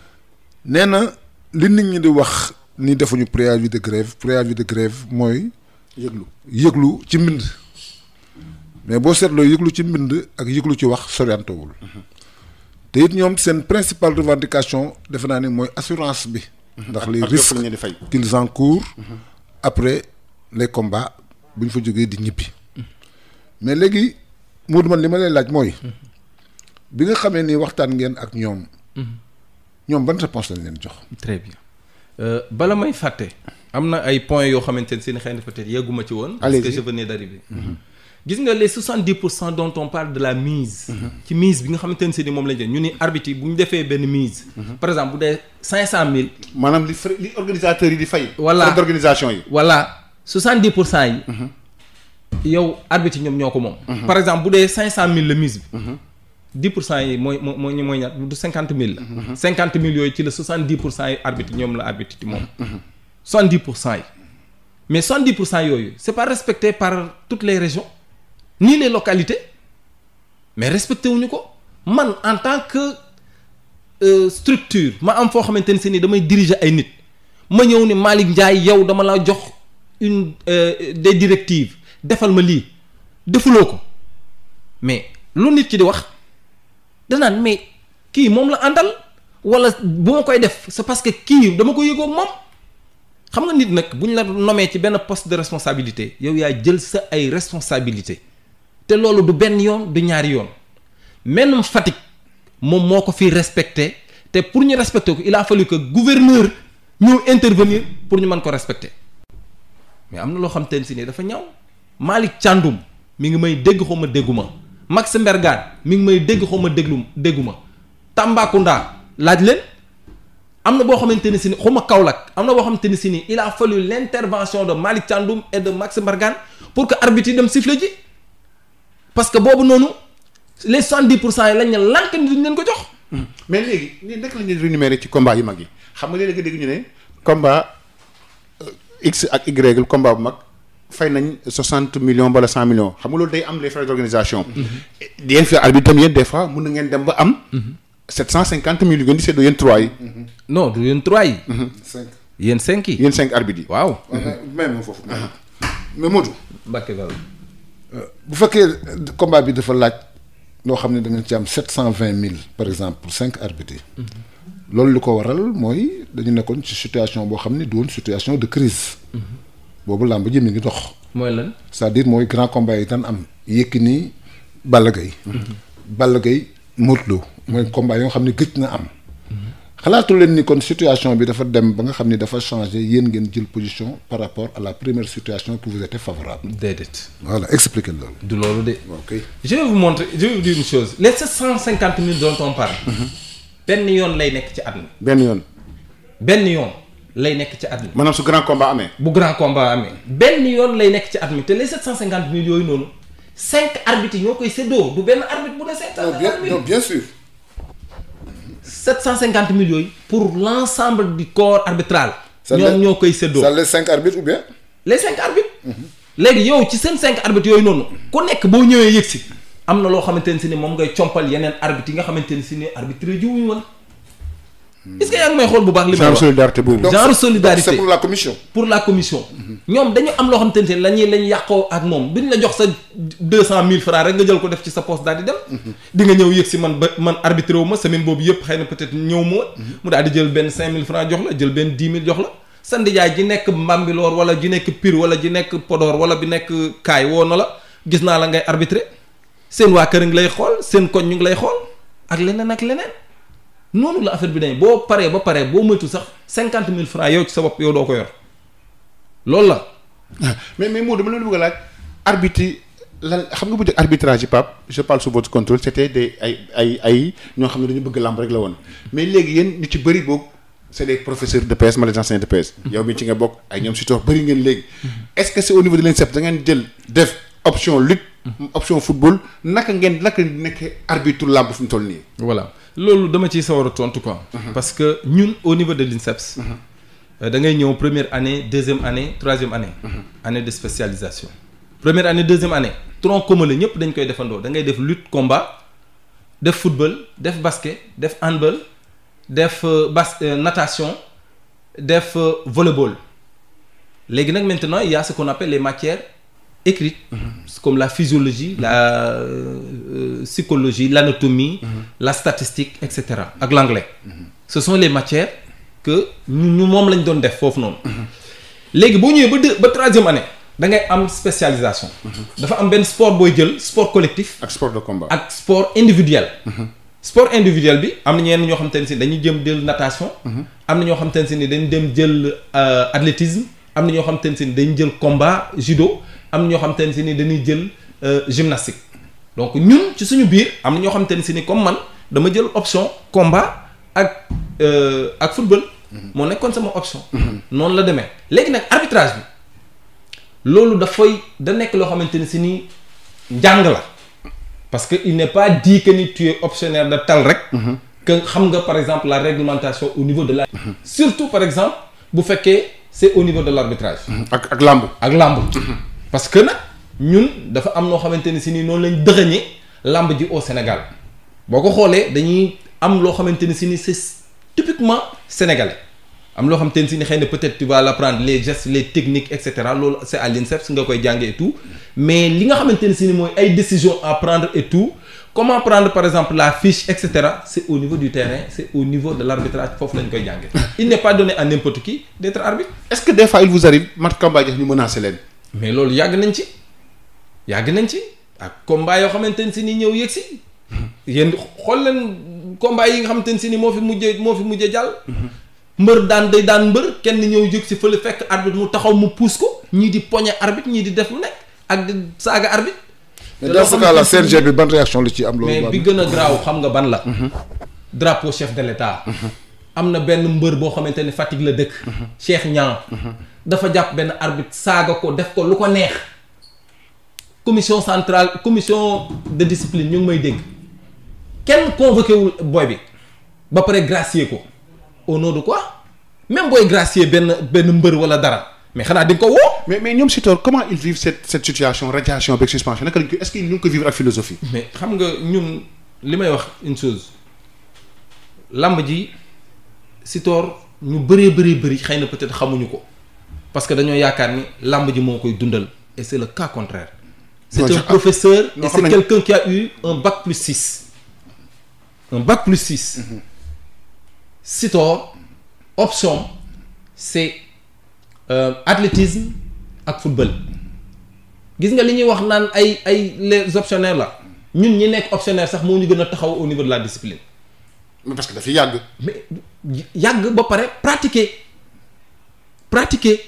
nee na li nit ñi di wax ni defuñu préavis de grève préavis de grève mooy. yëglu yëglu ci mbind. mais boo seetloo yëglu ci mbind ak yëglu ci wax soriantowul te it ñoom seen principale revendication defe naa ni mooy assurance bi. ndax les risques qu'ils encourent après les combats bu ñu fa jógee di ñibbi. mais léegi Modou man li ma lay laaj mooy. bi nga xamee ni waxtaan ngeen ak ñoom. Mhm. ñoom ban réponse lañ leen jox. très bien euh, bala may fàtte am na ay points yoo xamante ne si ne xëy na peut-être yegguma ci woon. Mhm. gis nga les 70 pour cent dont on de la mise. Mhm. ci mise bi nga xamante ne si ni moom lañ jël ñu ni arbitre bu ñu defee benn mise. Mhm. par exemple bu dee 500000. maanaam li organisateurs yi di fay. voilà d'organisation yi. voilà 70 pour cent yi. yow arbitre ñoom ñoo ko moom. par exemple dee 500000 la mise bi. dix pour cent yi mooy mooy mooy ñaar du cinquante mille la. Mhm. cinquante mille yooyu ci la soixante dix pour cent yi arbitre ñoom la arbitre ci moom. Mhm. soixante dix pour cent mais soixante dix pour cent yooyu c' est pas respecté par les régions ni les localités mais respecté wuñu ko man en tant que euh, structure ma am foo xamante ni si ni damay diriger ay nit ma ñëw ni Malick Ndiaye yow dama laa jox une euh, defal ma lii defuloo ko mais lu nit ki di wax. danaan mais kii moom la àndal wala bu ma koy def sa parce que kii dama ko yëgoo moom xam nga nit nag bu ñu la nomee ci benn post de responsabilité yow yaay jël sa ay responsabilité te loolu du benn yoon du ñaari yoon même Fatick moom moo ko fi respecté te pour ñu respecter ko il a fallu que gouverneur ñëw intervenir pour ñu mën ko respecter mais am na loo xam teen si ne dafa ñaaw Malick Thiandoum mu ngi may dégg xaw ma dégguma Max Mbergane mi ngi may dégg xaw ma déglu déggu ma Tambacounda laaj leen am na boo xamante ni si ni xaw ma Kaolack am na boo xamante ni si ni il a fallu l'intervention de Malick Thiandoum et de Max Mbergane pour que arbitre yi dem siffler ji parce que boobu noonu les soixante-dix pour cent yi lañ leen lànk ni duñ leen ko jox. Hmm. mais léegi nii naka la ñuy rémunérer ci combat yu mag yi xam nga léegi nga dégg ñu ne combat euh, x ak y combat bu mag. fay nañ soixante millions bala cent millions xam nga loolu day am les frais d'organisation. yéen fi arbitre tam yéen des fois mun na ngeen dem ba am. sept cent cinquante mille yu ngeen di seet du yéen trois yi. non du yéen trois yi. Mhm. cinq yéen cinq yi. yéen cinq arbitre yi. waaw. Mhm. même foofu. Ah. mais Modou. Mbacké Bal. Euh, bu fekkee euh, combat bi dafa laaj loo xam ne da ngeen ci am sept cent vingt mille par exemple pour cinq arbitres yi. Mhm. loolu lu ko waral mooy dañu nekkoon ci situation boo xam ne du situation de crise boobu làmb ji mi ngi dox. mooy lan c'est-à-dire mooy grand combat yi daan am. yëkk Balla Gaye. Mhm. Balla Gaye Modou Lô mooy combat yoo xam ne gëj na am. xalaatu leen ni kon situation bi dafa dem ba nga xam ni dafa changé yéen ngeen jël position par rapport à la première situation que vous étiez favorable. déedéet. voilà expliquez loolu. du loolu de. ok je vais vous montrer chose les sept cent cinquante mille dont on parle. Mhm. benn yoon lay nekk ci at mi. benn yoon. benn yoon. lay nekk ci at mi. maanaam su grand combat amee. bu grand combat amee benn yoon lay nekk ci at mi te les 750 000 yooyu noonu cinq arbitres ñoo koy séddoo du benn arbitre bu ne. 750 000 non bien sûr. 750 000 yooyu pour l' ensemble du corps arbitral. ñoom ñoo koy séddoo ça les cinq arbitres ou bien. les cinq arbitres. Mhm. léegi yow ci seen cinq arbitres yooyu noonu ku nekk boo ñëwee yëg si am na loo xamante ne si ni moom ngay compal yeneen arbitres yi nga xamante ne si ni arbitre jiwuñu woon. est yaa ngi may xool bu baax. li may wax genre solidarité boobu. genre solidarité c'est pour la commission. pour la commission. ñoom dañu am loo xamante ne la ñuy yàqoo ak moom bi ñu la jox sa deux cent mille francs rek nga jël ko def ci sa poste daal di dem. di nga ñëw yëg si man ba man arbitré wu ma semaine boobu yëpp xëy na peut-être ñëw ma mu daal di jël benn cinq mille francs jox la jël benn dix mille jox la. sa ndijaay ji nekk Mbambilor wala ji nekk Pire wala ji nekk Podor wala bi nekk Kaay woo na la gis naa la ngay seen waa kër ngi lay xool seen koñ ñu ngi lay xool ak leneen ak leneen noonu la affaire bi dañ boo paree ba paree boo moytu sax cinquante mille francs yow ci sa bopp yow doo ko yor loolu la. Ah, mais mais moo dama leen bëgg a laaj arbitre lan xam nga bu njëkk arbitrage yi Pape je parle sous ay ay ay ñoo xam ne bëgg làmb rek la woon mais léegi yéen ñu ci bëri boobu c'est des professeurs de PS wala des anciens de PS. yow mi ci nga bokk ay si toog bëri ngeen léegi. est-ce que c'est au niveau de l'INSEP da ngeen jël def option naka ngeen naka nekk arbitre làmb fi mu toll nii. voilà. loolu dama ciy sawar a tontu quoi. Uh-huh. parce que ñun au niveau de l'INSEPS. Uh-huh. Euh, da ngay ñëw première année deuxième année troisième année. Uh-huh. année de spécialisation. première année deuxième année tronc commun la ñëpp dañ koy defandoo dangay def lutte combat def football def basket def handball def euh, bas euh, natation def volleyball léegi nag maintenant il y a ce qu'on appelle les matières. écrite mm -hmm. comme la physiologie mhm. la euh, psychologie l'anatomie mm -hmm. la statistique et cetera ak l'anglais mhm. ce sont les matières que ñu moom lañ doon def foofu noonu mhm. léegi boo ñëwee ba deux ba troisième année da ngay am spécialisation dafa am benn sport booy jël sport collectif ak sport de combat ak sport individuel sport individuel bi am na ñenn ñoo xam te ne si dañuy jëm jël natation am na ñoo xam te ne si dañu dem jël euh, athlétisme am na ñoo xam te ne si dañu jël combat judo am ñoo xam te ne si ni dañuy jël euh, gymnastique donc ñun ci suñu biir am na ñoo xam te ne si ni comme man dama jël option combat ak euh, ak football. Mhm. moo nekkoon sama option. Mhm. noonu la demee léegi nag arbitrage bi loolu dafay da nekk loo xamante ne si nii njàng la parce que il n'est pas dit que ni tu es optionnaire de tal rek. Mhm. que xam nga par exemple la réglementation au niveau de la. surtout par exemple bu fekkee c'est au niveau de l'arbitrage. ak ak làmb. ak làmb. parce que nag ñun dafa am noo xamante ni si nii noonu lañ dëxëñee làmb ji au Sénégal boo ko xoolee dañuy am loo xamante ni si ni c'est typiquement sénégalais am loo xamante ni si ni xëy na peut-être tu vas l'apprendre les gestes les loolu c'est à l'INSEP si nga koy jàngee et mais li nga xamante ni si ni mooy ay décisions à prendre et tout comment prendre par exemple la fiche et cetera c'est au niveau du terrain c'est au niveau de l'arbitrage foofu lañ koy jàngee mais loolu yàgg nañ ci yàgg nañ ci ak combat yoo xamante ne si ni ñëw yëg si yéen xool leen combat yi nga xamante ne si ni moo fi mujjee moo fi mujjee jàll. mbër daan day daan mbër kenn ñëw yëg si fële fekk arbitre mu taxaw mu puus ko ñii di poñe arbitre ñii di def lu nekk ak di saaga arbitre. te dans ce cas là CNG bi ban réaction li ci am. loolu mais bi gën a graaw xam nga ban la. Mhm. drapeau chef de l' état. Mhm. am na benn mbër boo xamante ne Fatick la dëkk. Mhm. Cheikh Niang. dafa jàpp benn arbitre saaga ko def ko lu ko neex commission centrale commission de discipline ñu ngi may dégg kenn convoqué wul booy bi ba pare gracier ko au nom de quoi même booy gracier benn benn mbër wala dara mais xanaa di nga ko woo. mais mais ñoom Sitor comment ils vivent cette cette situation radiation avec suspension naka lañ ko est-ce que ñu ngi ko vivre ak philosophie. mais xam nga ñun li may wax une chose làmb ji Sitor ñu bëree bëri bëri xëy na peut-être xamuñu ko. parce que dañoo yaakaar ni làmb ji moo koy dundal et c' est le qua contraire. c'est un professeur et c'est quelqu'un qui a eu un bac plus six un bac plus six mhm. Sitor option c'est euh, ak football gis nga li ñuy wax naan ay ay les optionnaires la ñun ñi nekk optionnaire sax moo ñu gën a taxaw au niveau de la discipline mais parce que dafa yàgg yàgg ba pratiquer pratiquer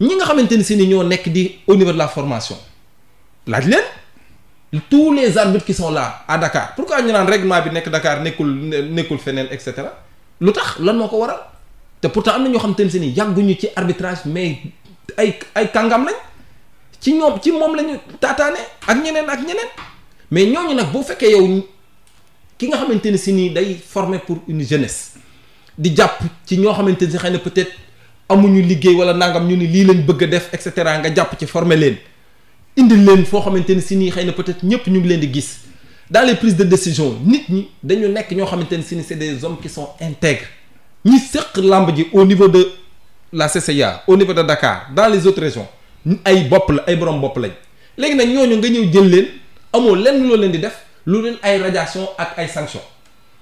ñi nga xamante ni si ni ñoo nekk di au niveau la formation laaj leen tous les arbitres qui sont là à Dakar pourquoi ñu naan règlement bi nekk dakaar nekkul nekkul feneen et cetera lu tax lan moo ko waral te pourtant am na ñoo xamante ni si ni yàgguñu ci arbitrage mais ay ay kàngam lañ ci ñoom ci moom lañu ñu taataane ak ñeneen ak ñeneen mais ñooñu nag boo fekkee yow ki nga xamante ni si nii day former pour une jeunesse di jàpp ci ñoo xamante ni si xëy na peut-être amuñu liggéey wala nangam ñu ni lii lañ bëgg a def et cetera nga jàpp ci former leen indil leen foo xamante ni si nii xëy na peut-être ñëpp ñu ngi leen di gis dans les prises de décision nit ñi dañu nekk ñoo xamante ni si ni c'est des hommes qui sont intègres ñi sëq làmb ji au niveau de la CCA au niveau de Dakar dans les autres régions ay bopp la ay borom bopp lañ léegi nag ñooñu nga ñëw jël leen amoo lenn loo leen di def lu leen ay radiation ak ay sanctions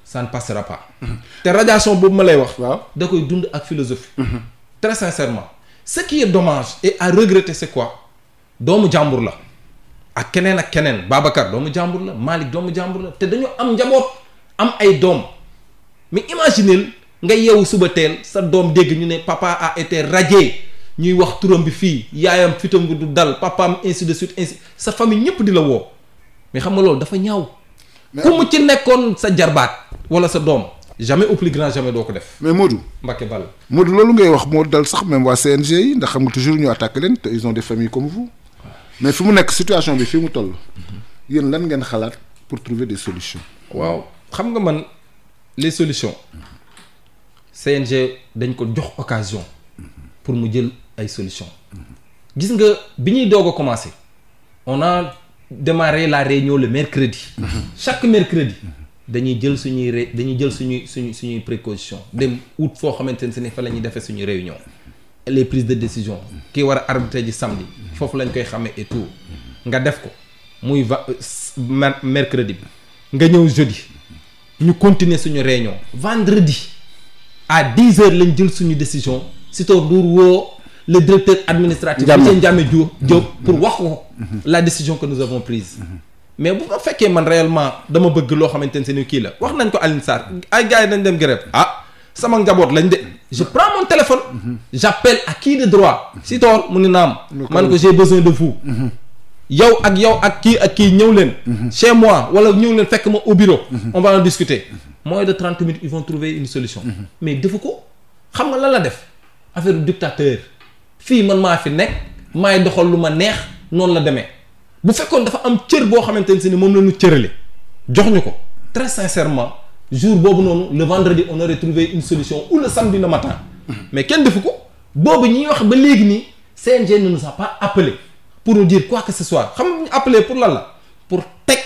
ça ne passera pas mm-hmm. te radiation boobu ma lay wax. waaw da koy dund ak philosophie. Mm-hmm. très sincèrement ce qui est dommage et à regretter c'est quoi doomu jàmbur la ak keneen ak keneen Babacar doomu jàmbur la Malick doomu jàmbur la te dañu am njaboot am ay doom mais imaginez nga yeewu suba teel sa doom dégg ñu ne papa a été radié ñuy wax turam bi fii yaayam fitam du dal papaam ainsi de suite ainsi sa famille ñëpp di la woo mais xam nga loolu dafa ñaaw ku mu ci nekkoon sa jarbaat wala sa doom jamais au grand jamais doo ko def. mais Modou. Mbacké Bal. Modou loolu ngay wax moo dal sax même waa CNG yi ndax xam nga toujours ñu attaqué leen te ils ont des familles comme vous. mais fi mu nekk situation bi fi mu toll. yéen lan ngeen xalaat pour trouver des solutions. waaw xam nga man les solutions. CNG dañ ko jox occasion. pour mu jël ay solutions. gis nga bi ñuy doog a commencé. on a démarré la réunion le mercredi. chaque mercredi. dañuy jël suñuy ré dañuy jël suñuy suñu suñuy précaution dem ut foo xamante ne ni fa la ñuy defee suñuy réunion les prises de décision kii war a arbitrer ji samedi foofu lañ koy xamee et tout nga def ko muy va mercredi bi nga ñëw jeudi ñu continuer suñu réunion vendredi à dix heures lañ jël suñu décision Sitor Ndour woo le directeur administratif monsieur Ndiame Diop mm-hmm. pour wax ko mm-hmm. la décision ko nous avons prise mm-hmm. mais bu ma fekkee man réellement dama bëgg loo xamante ne seeni kii la wax nañ ko Alioune Sarr ay gars dañ dem grève ah sama njaboot lañ de je prends mon téléphone j'appelle ak kii de droit si toor mu ni naam man ko j'ai besoin de vous mhm. yow ak yow ak kii ak kii ñëw leen mhm. chez moi wala ñëw leen fekk ma au bureau mhm. on va en discuter moins de trente minutes ils vont trouver une solution mais defu ko xam nga lan la def affaire dictateur fii man maa fi nekk maay doxal lu ma neex noonu la demee bu fekkoon dafa am cër boo xamante ne si ni moom la ñu cërale jox ñu ko très sincèrement jour boobu noonu le vendredi on aurait trouvé une solution ou le samedi le matin mais kenn defu ko boobu ñuy wax ba léegi nii seen ne nous a pas pour nous dire quoi que ce soit xam nga ñu appelé pour lan la pour teg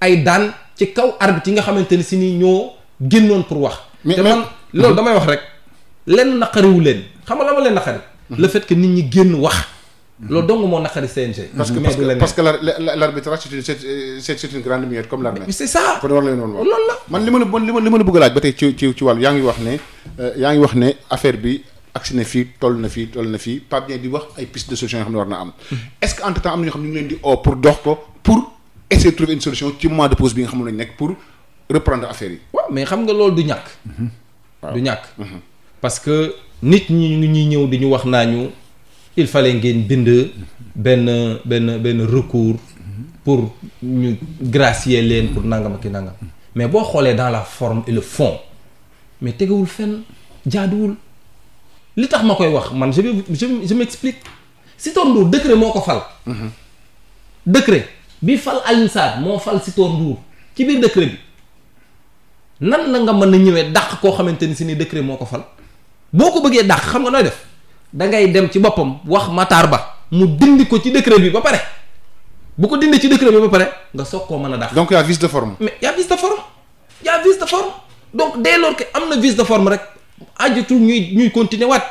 ay daan ci kaw arbitre yi nga xamante ne si nii ñoo génnoon pour wax te man loolu damay wax rek lenn naqariwu leen xam nga la ma leen naqari mm-hmm. le fait que nit ñi génn wax Mm-hmm. loolu dong moo naqari CNG. Mm-hmm. parce que parce que parce que l' arbitrage c' est c' est une grande muette comme l' armée. c' est ça kon war nañu noonu wax. loolu la man li ma la man li ma la bëgg a laaj ba tey ci ci ci wàllu yaa ngi wax ne euh, yaa ngi wax ne affaire bi agsi na fii toll na fii toll na fii Pape Ndiaye di wax ay piste de solution yoo xam ne war na am. Mm-hmm. est ce que entre temps am na ñoo xam ne ñu ngi leen di oo pour dox ko pour essayer de trouver une solution ci moment de pause bi nga xam ne lañ nekk pour reprendre affaire yi. waaw mais xam nga loolu du ñàkk. du ñàkk. parce que nit ñi ñuy ñëw di ñu wax naa ñu il fallait ngeen bind benn benn benn recours pour ñu gracier leen pour nangam ki i nangam mais boo xoolee dans la forme et le fond mais tegewul fenn jaaduwul li tax ma koy wax man je je je m'explique Sitor Ndour décret moo ko fal. décret bi fal Alioune moo fal Sitor Ndour ci biir décret bi nan la nga mën a ñëwee dàq koo xamante ni si ni décret moo ko fal boo ko bëggee dàq xam nga nooy def. da ngay dem ci boppam wax Matar Ba mu dindi ko ci décret bi ba pare bu ko dindee ci décret bi ba pare nga soog koo mën a dàq. donc y' a vice de forme. mais y' a vice de forme y' a vice donc dès lors que am na vice de forme rek ajatul ñuy ñuy continuer waat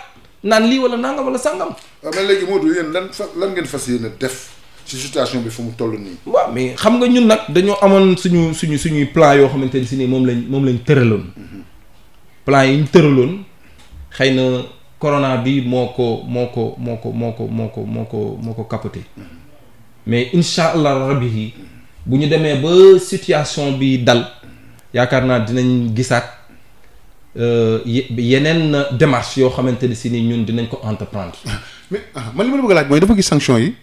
naan lii wala nangam wala sàngam waaw ah, mais léegi Modou yéen lan lan ngeen fas yéene def. ci situation bi fu mu toll nii. waaw mais xam nga ñun nag dañoo amoon suñu suñu suñuy plan yoo xamante ni si nii moom lañ moom lañ tëraloon. Mhm. yi ñu tëraloon xëy na. corona bi moo ko moo ko moo ko moo ko moo ko moo ko moo ko capoté mais incha allah rabbi yi bu ñu demee ba situation bi dal yaakaar naa dinañ gisaat euh, yeneen démarche yoo xamante ne si ni ñun dinañ ko entreprendre. mais ah, man li ma la bëgg a laaj mooy dafa gis sanction yi.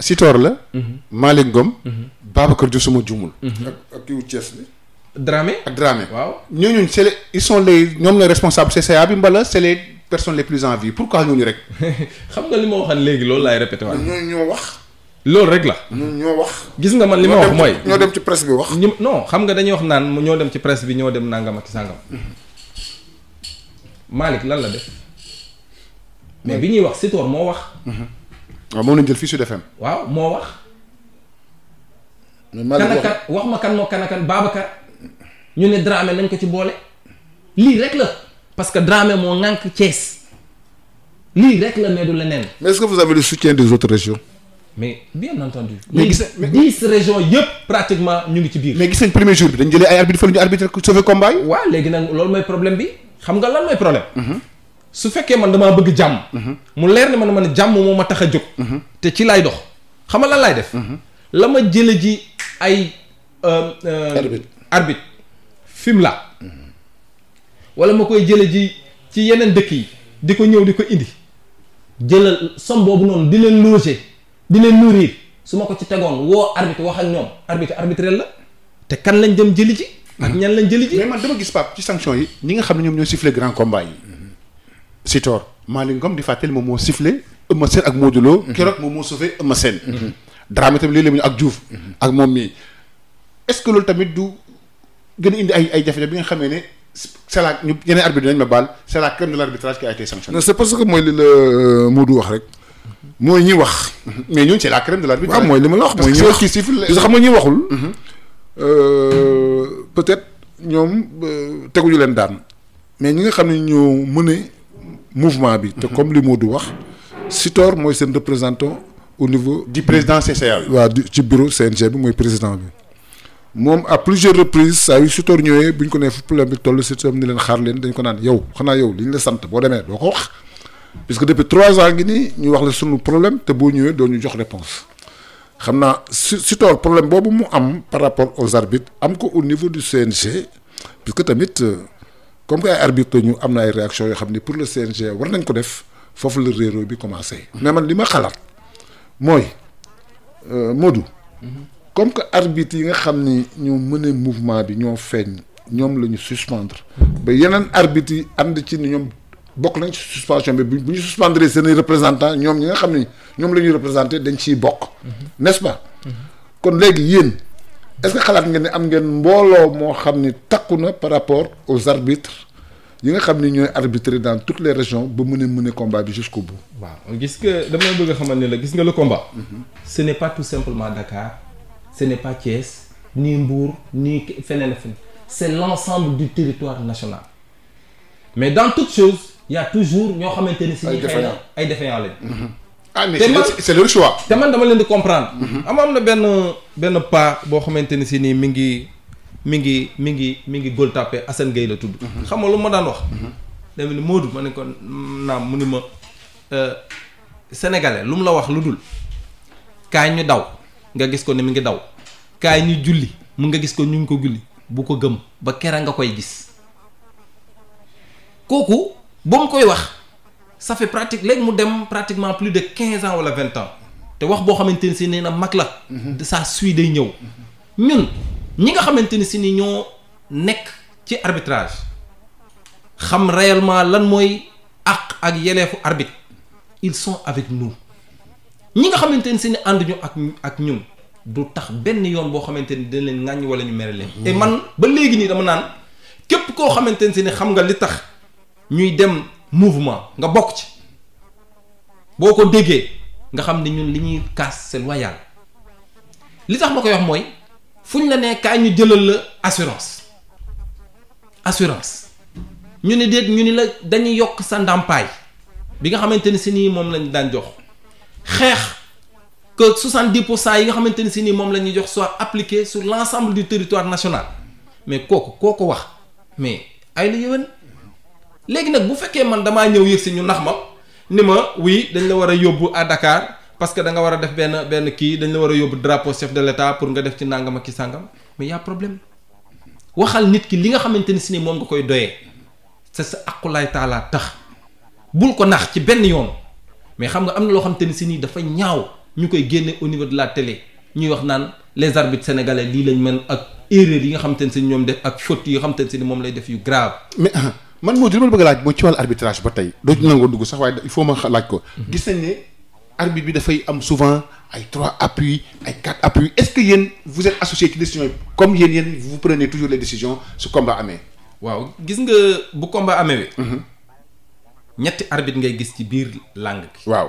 Sitor la. Mhm. Malick Ngom. Mhm. Babacar Diop suma jumul. Mhm. ak ak kiw Thiès bi. Dramé ak Dramé. waaw ñooñu c'est les ils sont les ñoom les responsables CCA bi mbala c'est les. personnes les plus en vie pourquoi ñooñu rek. xam nga li ma waxoon léegi loolu laay répété waat. ñooñu ñoo wax. loolu rek la. ñooñu ñoo wax. gis nga man li ma wax mooy. ñoo dem ci presse wax. ñu non xam nga dañuy wax naan ñoo dem ci presse bi ñoo dem nangam ak sangam. Mhm. Malick lan la def. mais bi ñuy wax Sitor moo wax. Mhm. waaw moom lañ jël fii Sud FM. waaw moo wax. kanakan wax ma kan moo kanakan Babacar ñu ne Dramé lañ ko ci boole lii rek la. parce que Dramé moo ŋànk Thiès lii rek la mais du leneen. mais est le soutien des autres régions. mais bien entendu. mais gis dix régions yëpp pratiquement ñu ngi ci biir. mais gis nañ premier jour bi dañ jëlee ay arbitre fa la ñu arbitre sauver combat bi xam nga lan mooy problème. Mhm. su fekkee man damaa bëgg jàmm. Mhm. mu leer ne man man jàmm moo ma tax a jóg. Mhm. te ci laay dox xam nga lan laay def. la ma jële ji ay. Euh, euh, arbitre arbitre fim la wala ma koy jële ji ci yeneen dëkk yi di ko ñëw di ko indi jëlal som boobu noonu di leen loger di leen nourrir su ma ko ci tegoon woo arbitre wax ak ñoom arbitre arbitrel la te kan lañ dem jëli ji ak ñan lañ jëli ji mais man dama gis Pape ci sanction yi ñi nga xam ne ñoom ñoo sifflé grand combat yi Sitor Malick Ngom di fàttali moom moo sifflé Eumeu Sène ak Modou Lo mhm. keroog moom moo sauvé Eumeu Sène mhm. Dramé tamit léeg-léeg mu ñu ak juuf mhm. ak moom mii est-ce que loolu tamit du gën a indi ay ay jafe bi nga xamee ne c'est la ñu yeneen arbitre nañ ma baal c'est la crème a été sanctionné. non c'est parce que mooy li la euh, Modou wax rek. mooy ñi wax. mais ñun c'est la crème de l'arbitrage. waaw mooy li ma la wax mooy ñi wax parce que xam nga ñi waxul. Mhm. Euh, peut-être ñoom euh, teguñu leen daan. mais ñi nga xam ne ñoo mëne mouvement bi. te mhm. comme li Modou wax. Sitor mooy seen représentant au niveau. di président CCA. waaw ci bureau CNG bi mooy président bi. moom à plusieurs reprises saa yu Sitor ñëwee bu ñu ko nee fu problème bi toll Sitor ni leen xaar leen dañ ko naan yow xanaa yow li ñu la sant boo demee doo ko wax parce que depuis trois ans ngi nii ñu wax la sunu problème te boo ñëwee doo ñu jox réponse xam naa Sitor problème boobu mu am par rapport aux arbitres am ko au niveau du CNG parce que tamit euh, comme que ay arbitres ñu am na ay réaction yoo xam ni pour la CNG war nañ ko def foofu la réeróo bi commencé mais man li ma xalaat mooy euh, Modou mhm. comme que arbitre yi nga xam ni ñoo mën a mouvement bi ñoo feeñ ñoom la ñu suspendre ba yeneen arbitre yi ànd ci ni ñoom bokk nañ ci suspension bi bu ñu suspendre seen représentant ñoom ñi nga xam ni ñoom la ñuy représenté dañ ciy bokk mhm. n'est-ce pas mhm. kon léegi yéen est-ce que xalaat ngeen ne am ngeen mbooloo moo xam ni takku na par rapport aux arbitres yi nga xam ni ñooy arbitrer dans toutes les régions ba mu a mën a combat bi jusqu'au bout waaw gis nga dama bëgg a xamal ne gis nga le combat mhm. ce n'est pas tout simplement Dakar ce n'est pas Thiès ni Mbour ni feneen ak feneen c'est l'ensemble du national mais dans toute toujours ñoo xamante ni si ñi ay défaillant lañ mhm. ah mais c'est dama leen di comprendre mhm. am na benn benn pas boo xamante ni si nii mi ngi mi ngi mi ngi mi ngi góol tàppe Assane Gueye la tudd mhm. lu ma daan wax dama ma ne ko naam mu ni ma euh, la wax lu dul kaay ñu daw nga gis ko ne mi ngi daw kaay ñu julli mu nga gis ko ñu ngi ko julli bu ko gëm ba kera nga koy gis kooku ba mu koy wax ça pratique léegi mu dem pratiquement plus de quinze ans wala vingt ans te wax boo xamante ni si nee na mag la mhm. ça suit day ñëw ñun ñi nga xamante ni si ni ñoo nekk ci arbitrage xam réellement lan mooy àq ak yeleefu arbitre il sont avec nous ñi nga xamante ne seen ànd ñu ak ak ñun du tax benn yoon boo xamante ni dañ leen ŋàññ wala ñu mere leen. Mm-hmm. te man ba léegi nii dama naan képp koo xamante ne si xam nga li tax ñuy dem mouvement nga bokk ci boo ko déggee nga xam ne ñun li ñuy kaas c'est loyal li tax ma koy wax mooy fuñ la nee kaay ñu jëlal la assurance assurance ñu ne déet ñu ni la dañuy yokk sa ndàmpaay bi nga xamante ne si nii moom lañ daan jox. xeex que 70 pour cent yi nga xamante ni si nii moom la ñuy jox soit appliqué sur l' ensemble du territoire national mais kooku koo ko wax mais ay la yëwén léegi nag bu fekkee man damaa ñëw yëg si ñu nax ma ni ma oui dañ la war a yóbbu à Dakar parce que da war a def benn benn kii dañ la war a yóbbu drapeau chef de l' état pour nga def ci nangam ak ki sàngam mais y' a problème waxal nit ki li nga xamante ni si nii moom nga koy doyee sa sa aqulaay taalaa tax bul ko nax ci benn yoon mais xam nga am na loo xam te ni si nii dafa ñaaw ñu koy génne au niveau de la télé ñuy wax naan les arbitres sénégalais lii lañ mën ak erreur yi nga xam te ne si ñoom def ak faute yi nga xam te ne moom lay def yu grave. mais ah, man moo di ma bëgg laaj mooy ci wàllu arbitrage ba tey. dootu mm-hmm. nangoo dugg sax waaye il faut ma laaj ko. Mm-hmm. gis nañ ne arbitre bi dafay am souvent ay trois appuis ay quatre appuis est-ce que yéen vous êtes associé ci décision comme yéen yéen vous prenez toujours les décisions su combat amee. waaw gis nga bu combat amee. Mm-hmm. ñetti arbitre ngay gis ci biir langue gi waaw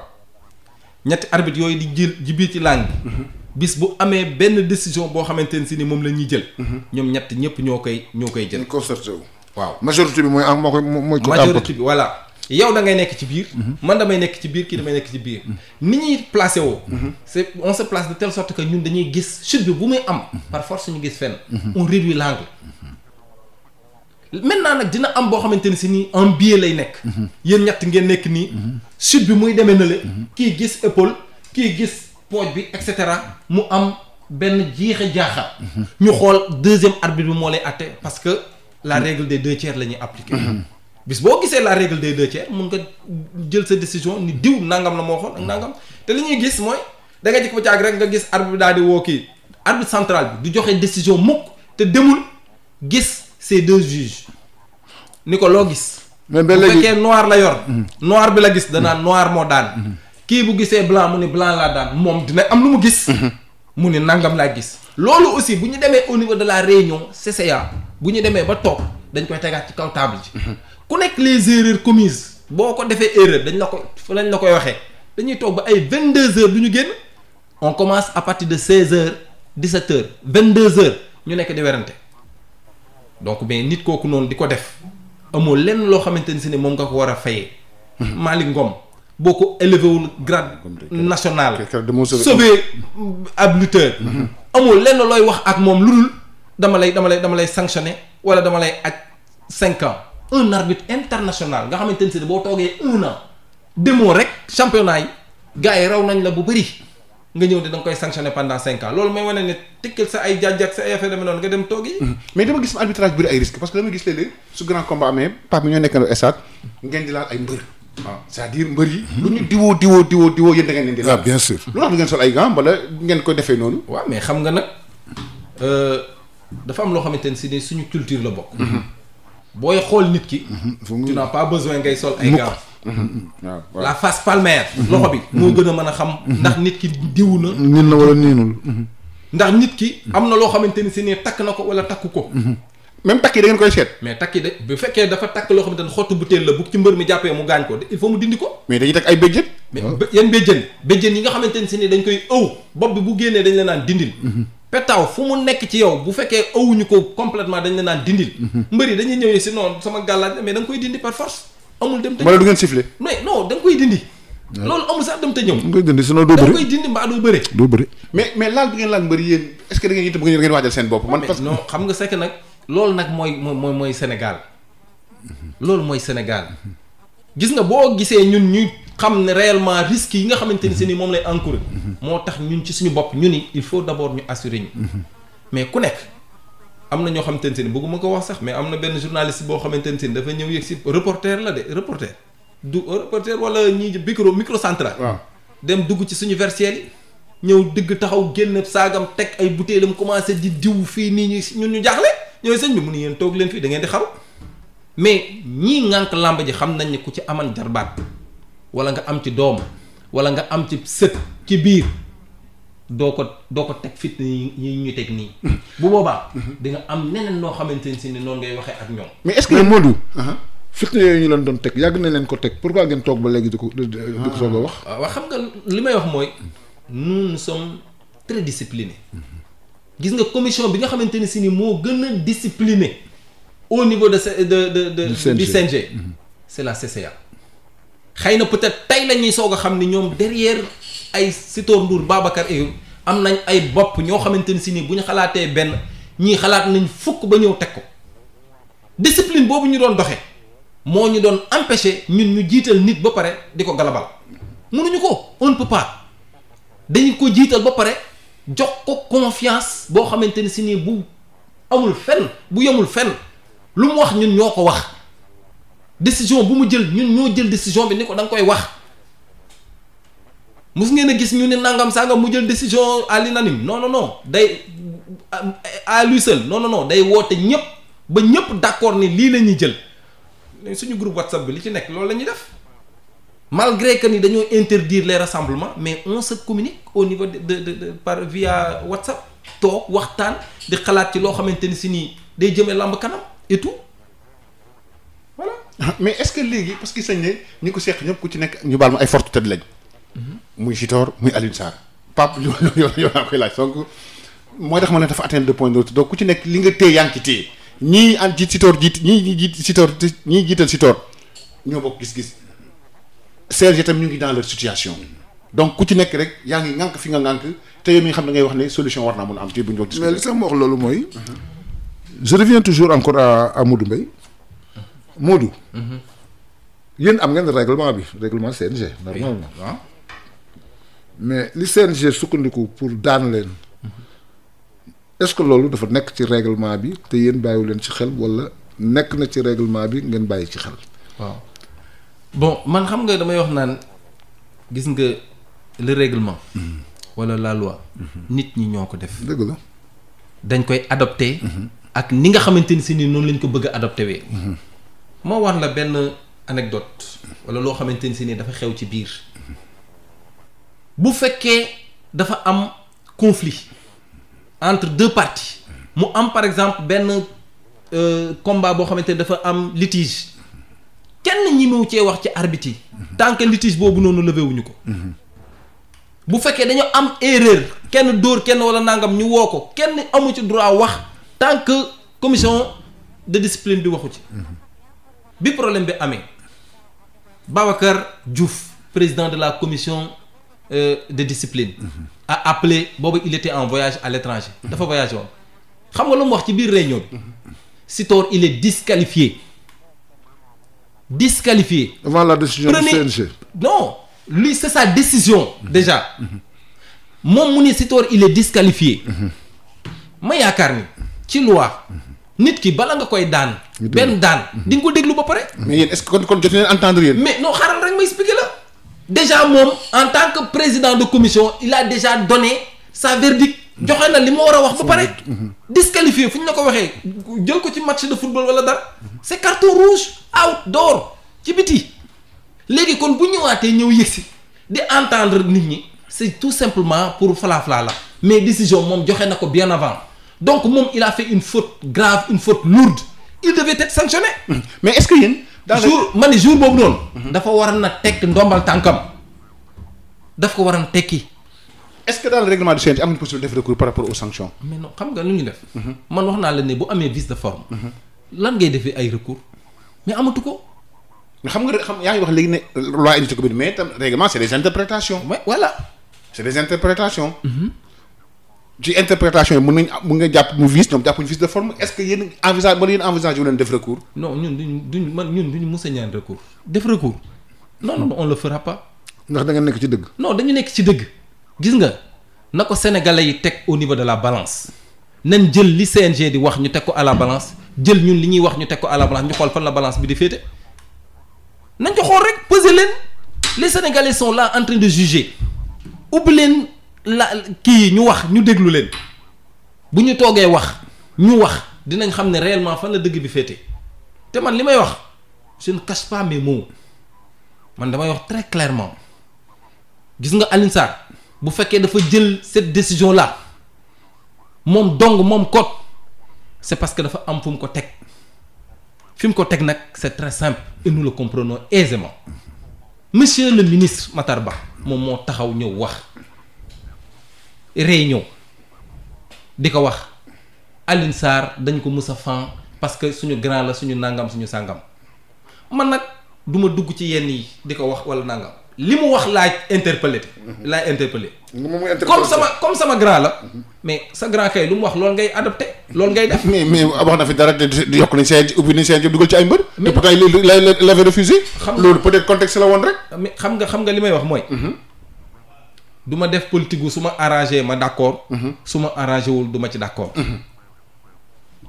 ñetti arbitre yooyu di jël ji biir ci langue bi mm-hmm. bis bu amee benn décision boo xamante ne si ni moom la ñuy jël mm-hmm. ñoom ñett ñëpp ñoo koy ñoo koy jël concerté wu waaw majorité bi mooy am moo koy mooy majorité bi voilà yow dangay nekk ci biir mm-hmm. man damay nekk ci biir kii damay nekk ci biir ni ñuy placé woo c'est on se place de telle sorte que ñun dañuy gis chute bu muy am par force ñu gis fenn on réduit l'angle maintenant nag dina am boo xamante ni si nii en biais lay nekk. yéen ñett ngeen nekk nii. sud bi muy demee na le kii gis épaule kii gis pooj bi et cetera mu am benn jiixa jaaxa. ñu xool deuxième arbitre bi moo lay atte parce que la règle des deux tiers la ñuy appliqué. bis boo gisee la règle des deux tiers mun nga jël sa décision ni diw nangam la moo xool ak nangam te li ñuy gis mooy da nga jëkk ba caag rek nga gis arbitre bi daal di woo kii arbitre central bi du joxe décision mukk te demul gis. ces deux juges ni ko loo gis. mais ba léegi bu fekkee noir la yor. Mm-hmm. noir bi la gis danaan mm-hmm. noir moo daan. Mm-hmm. kii bu gisee blanc mu ni blanc laa daan moom dina am lu mu gis. mu ni nangam laa gis. loolu aussi bu ñu demee au niveau de la réunion CCA bu ñu demee ba toog dañ koy tegaat ci kaw ji. ku nekk les erreurs commises boo ko defee erreur dañ la ko fa lañ la koy waxee dañuy toog ba ay vingt deux heures du ñu génn on commence à partir de seize heures dix sept heures vingt deux ñu nekk di donc mais nit kooku noonu di ko def amoo lenn loo xamante ni si ne moom nga ko war a fayee. Mhm. Malick Ngom boo ko élevé wul grade national. sauvé ab lutteur. Mhm. amoo lenn looy wax ak moom lu dul dama lay dama lay dama lay sanctionné wala dama lay ak cinq ans. un arbitre international nga xamante ni si ne boo toogee un an demoo rek championnat yi gars yi raw nañ la bu bëri. nga ñëw di da nga koy sanctionné pendant cinq ans loolu mooy wane ne tikkal sa ay jaajak sa ay affaire demee noonu nga dem toog yi mm-hmm. mais dama gis arbitrage bëri ay risque parce dama gis léeg su grand combat amee pap mi ñoo nekkandoo estade ngeen di laal ay mbër waaw ah, cest à mbër yi lu ñu diwoo diwoo diwoo diwoo yéen da ngeen leen di laal ah, bien sûr lu tax du ngeen sol ay gants wala ngeen koy defee xam nga nag euh, dafa am loo xamante ne si ne suñu culture la bokk mm-hmm. booy xool nit ki mm-hmm. tu n'as ngay sol ay gants Mm-hmm. la face palmaire. Mm-hmm. loxo bi moo gën a mën a xam. Mm-hmm. ndax nit ki diw na. niin na wala niinul. ndax nit ki. am na loo xamante ni si ne takk na ko wala takk ko. même takk yi da ngeen koy seet. mais takk yi da bu fekkee dafa takk loo xamante ne xottu butéel la bu ci mbër mi jàppee mu gaañ ko il faut mu dindi ko. mais dañuy takk ay béjjën. mais yan béjjën béjjën yi nga xamante ne si ne dañ koy ëw bopp bi bu génnee dañ la naan dindil. pétaw fu mu nekk ci yow bu fekkee ëwuñu ko complètement dañ la naan dindil. mbër yi dañuy ñëwee si noonu sama gàllaaj mais da nga koy dindi par force amul dem te ñëw wala du ngeen siffler. mais non da koy dindi. Ah. loolu amul sax dem te ñëw. da koy dindi sinon doo bëri da nga koy dindi mbaa doo bëri. doo bëri mais mais laal bi ngeen laal mbëri yéen est-ce que da ngeen itam da ngeen waajal seen bopp. man parce xam nga sekk nag. loolu nag mooy mooy mooy Sénégal loolu mooy Sénégal gis nga boo gisee ñun ñu xam ne réellement risques yi nga xamante ni si moom lay encourir. moo tax ñun ci suñu bopp ñu ni il faut d'abord ñu assurer ñu. Mhm. mais ku nekk. am na ñoo xamante ne si bëgguma ko wax sax mais am na benn journaliste boo xamante ne si dafa ñëw yegg si reporter la de reporter du reporter wala ñii micro micro central. waaw dem dugg ci suñu versaire yi ñëw dëgg taxaw génn saagam teg ay butéelam commencé di diw fii nii ñu ñun ñu jaaxle ñooy sëñ bi mu ni yéen toog leen fii da ngeen di xaru mais ñii ngànk làmb ji xam nañ ne ku ci aman jarbaat wala nga am ci doom wala nga am ci sët ci biir. doo ko doo ko teg fit yi ñu teg nii. Mhm. bu boobaa. Mhm. di nga am neneen noo xamante ne si ne noonu ngay waxee ak ñoom. mais est-ce que Modou. Uh-huh. fitna yooyu ñu leen doon teg yàgg nañ leen ko teg pourquoi ngeen toog ba léegi di ko di ko soog wax. Ah, waaw xam nga li may wax mooy. nous nous sommes mhm. gis nga commission bi nga xamante ne si ni moo gën a discipliné. au niveau de de de de. du CNG. c'est la CCA. xëy na peut-être tey la ñuy soog a xam ni ñoom derrière. ay Sitor Ndour Babacar et am nañ ay bopp ñoo xamante ni si nii bu ñu xalaatee benn ñii xalaat nañ fukk ba ñëw teg ko discipline boobu ñu doon doxee moo ñu doon empêcher ñun ñu jiital nit ba pare di ko galabal mënuñu ko on ne peut dañu ko jiital ba pare jox ko confiance boo xamante ni si nii bu amul fenn bu yemul fenn lu mu wax ñun ñoo ko wax décision bu mu jël ñun ñoo jël décision bi ni ko danga koy wax mus ngeen a gis ñu ne nangam sangam mu jël décision à l'unanime non non non day à lui seul non non day woote ñëpp ba ñëpp d'accord ni lii la ñuy jël suñu groupe WhatsApp bi li ci nekk loolu la ñuy def malgré que ni dañoo interdire les rassemblements mais on se communique au niveau de de de par via WhatsApp toog waxtaan di xalaat ci loo xamante ni si nii day jëme làmb kanam et tout voilà. Ah, mais est-ce que léegi parce que sañ ne ñi ko seq ñëpp ku ci nekk ñu baal ma ay fortes têtes muy Sitor muy Alioune Sarr Pape yow yow yow laa koy laaj mooy tax ma ne dafa atteindre le point de donc ku ci nekk li nga téye yaa ngi ci téye ñii ànd ci Sitor jiit ñii jiit Sitor ñii jiital ñoo bokk gis-gis Serge itam ñu ngi dans leur situation donc ku ci nekk rek yaa ngi fi nga ŋànk te yow xam ne ngay wax ne solution war naa mën am ci bu ñu wax. mais li sax ma wax loolu mooy. je reviens toujours encore à à Modou Mbaye Modou. Mhm. yéen am ngeen règlement bi règlement CNG mais li CNG sukkandiku pour daan leen est-ce que loolu dafa nekk ci réglement bi te yéen bàyyiwu leen ci xel walla nekk na ci réglement bi ngeen bàyyi ci xel. waaw bon man xam nga damay wax naan gis nga le réglement mm-hmm. walla la mm-hmm. nit ñi ñoo ko def. dëgg la dañ koy adopté. Mm-hmm. ak ni nga xamante ni si nii noonu lañ ko bëgg a adopté moo wax la benn anecdote walla loo xamante ni si ni dafa xew ci biir. bu fekkee dafa am conflit entre deux parties mu am par exemple benn euh, combat boo xamante ne dafa am litige kenn ñi mu cee wax ci arbitre tànk tant litige boobu noonu levé wuñu ko bu fekkee dañoo am erreur kenn dóor kenn wala nangam ñu woo ko kenn amu ci droit wax tant que commission de discipline bi waxu ci bi problème bi amee Babacar Diouf président de la commission Euh, de discipline. Mhm. a appelé boobu il était en voyage à l'étranger mhm. dafa voyagé woon xam nga la mu wax ci biir réunion bi. Mhm. Sitor il est disqualifié. disqualifié. avant la décision Prenez... du CNG. non lui c'est sa décision. déjà moom mu ne Sitor il est disqualifié. ma yaakaar ni ci loi. nit ki bala nga koy daan. benn daan di nga ko déglu ba pare. mais yéen est-ce que kon kon jot ngeen entendre yéen. mais non xaaral rek ma expliquer la. déjà moom en tant que président de commission il a déjà donné sa verdict joxe na li ma war a wax ba pare disqualifié fu ñu la ko waxee jël ko ci match de football wala dara c'est carton rouge outdoor ci biti léegi kon bu ñëwaatee ñëw yëgsi di entendre nit ñi c'est tout simplement pour falafla la mais décision moom joxe na ko bien avant donc moom il a fait une faute grave une faute lourde il devait être sanctionné mais est-ce que yéen jour man ni jour boobu noonu. Mhm. dafa waroon a tekk ndombal tànkam. daf ko waroon tekki. est-ce que dans le règlement du CNG am na possibilité def recours par rapport aux sanctions. mais non xam nga lu ñu def. Mhm. man wax naa la ne bu amee vice de forme. Mhm. lan ngay defee ay recours. mais amatu ko. mais xam nga xam yaa ngi wax léegi ne loi indite ko bi mais tam règlement c'est des interprétations. voilà c'est des interprétations. ci interprétation yi mën nañ mën nga jàpp mu vice ñoom jàppuñu vice de forme est-ce que yéen envisage wala yéen envisage wu leen def recours non ñun duñ duñ man ñun duñ mës a ñaan recours def recours non non on le fera pas ndax da nga nekk ci dëgg non dañu nekk ci dëgg gis nga na ko sénégalais yi teg au niveau de la balance nañ jël li CNG di wax ñu teg ko à la balance jël ñun li ñuy wax ñu teg ko à la balance ñu xool fan la balance bi di féete nañ ko xool rek peser leen les sénégalais sont là en train de juger la kii ñu wax ñu déglu leen bu ñu toogee wax ñu wax dinañ xam ne réellement fan la dëgg bi féete te man li may wax je ne cache man damay wax très clairement gis nga Alioune bu fekkee dafa jël cette décision la moom dong moom kot c'est parce que dafa am fu mu ko teg fi mu ko teg nag c'est très simple et nous le comprenons aisément monsieur le ministre Matar Ba moom moo taxaw ñëw wax. réunion di ko wax Alioune saar dañ ko mu a fan parce que suñu grand la suñu nangam suñu sàngam man nag du ma dugg ci yenn yi di ko wax wala nangam li mu wax laaj interpellé laay interpellé mhm. comme sama comme sama grand la mhm. mais sa grand kay lu mu wax loolu ngay adopté loolu ngay def mais mais wax na fi dara di yokk nañ seen ubbi nañ seen dugal ci ay mbër te pourtant il l'avait refusé la woon rek xam nga xam nga li may wax mooy mhm. du ma def politique su ma arrangé ma d' accord. Mhm. su ma arrangé wul du ci d' accord. Mhm.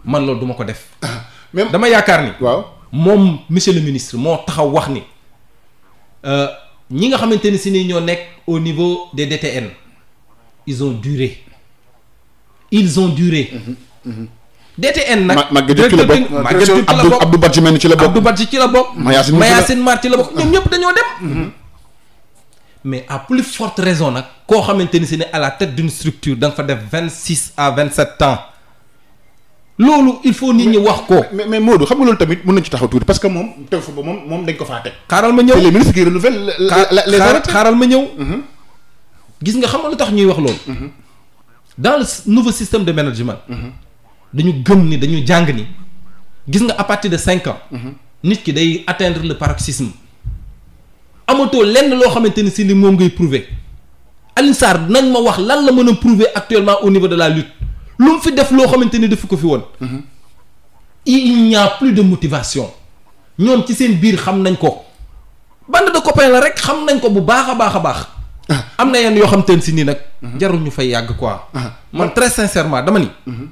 man loolu duma ko def. même dama yaakaar ni. waaw moom monsieur le ministre moo taxaw wax ni euh, ñi nga xamante ni si ni ñoo nekk au niveau des DTN ils ont duré ils ont dure mhm. DTN nag. Maguette ci la bokk Maguette ci la bokk Abdou Badji mel ni ci la bokk. Abdou Badji ci la bokk. Mayacine Mar la bokk ñoom ñëpp dañoo dem. mais à plus forte raison nag koo xamante ni si ne à la tête d'une structure da nga fa def vingt six à vingt sept ans loolu il faut nit ñi wax ko. mais mais Modou xam nga loolu tamit mun nañu ci taxaw tuuti parce que moom teew fa ba moom moom dañ ko faa teg. xaaral ma ñëw te les ministres qui renouvellent les xaaral mhm. gis nga xam nga lu tax ñuy wax loolu. Mhm. dans le nouveau système de management. Mhm. dañu gëm ni dañu jàng ni. gis nga à partir de cinq ans. nit ki day atteindre le paroxysme. amatoo lenn loo xamante ni si ni moom ngay prouver Alioune Sarr nañ ma wax lan la mën a prouver actuellement au niveau de la lutte lu mu fi def loo xamante ni defu ko fi woon. Mhm. il n'y a plus de motivation ñoom ci seen biir xam nañ ko bande de copains la rek xam nañ ko bu baax a baax a baax. Ah. am na yenn yoo xamante ne si nii nag. Mhm. jarul ñu fay yàgg quoi. Ah. man très sincèrement dama ni. Mhm.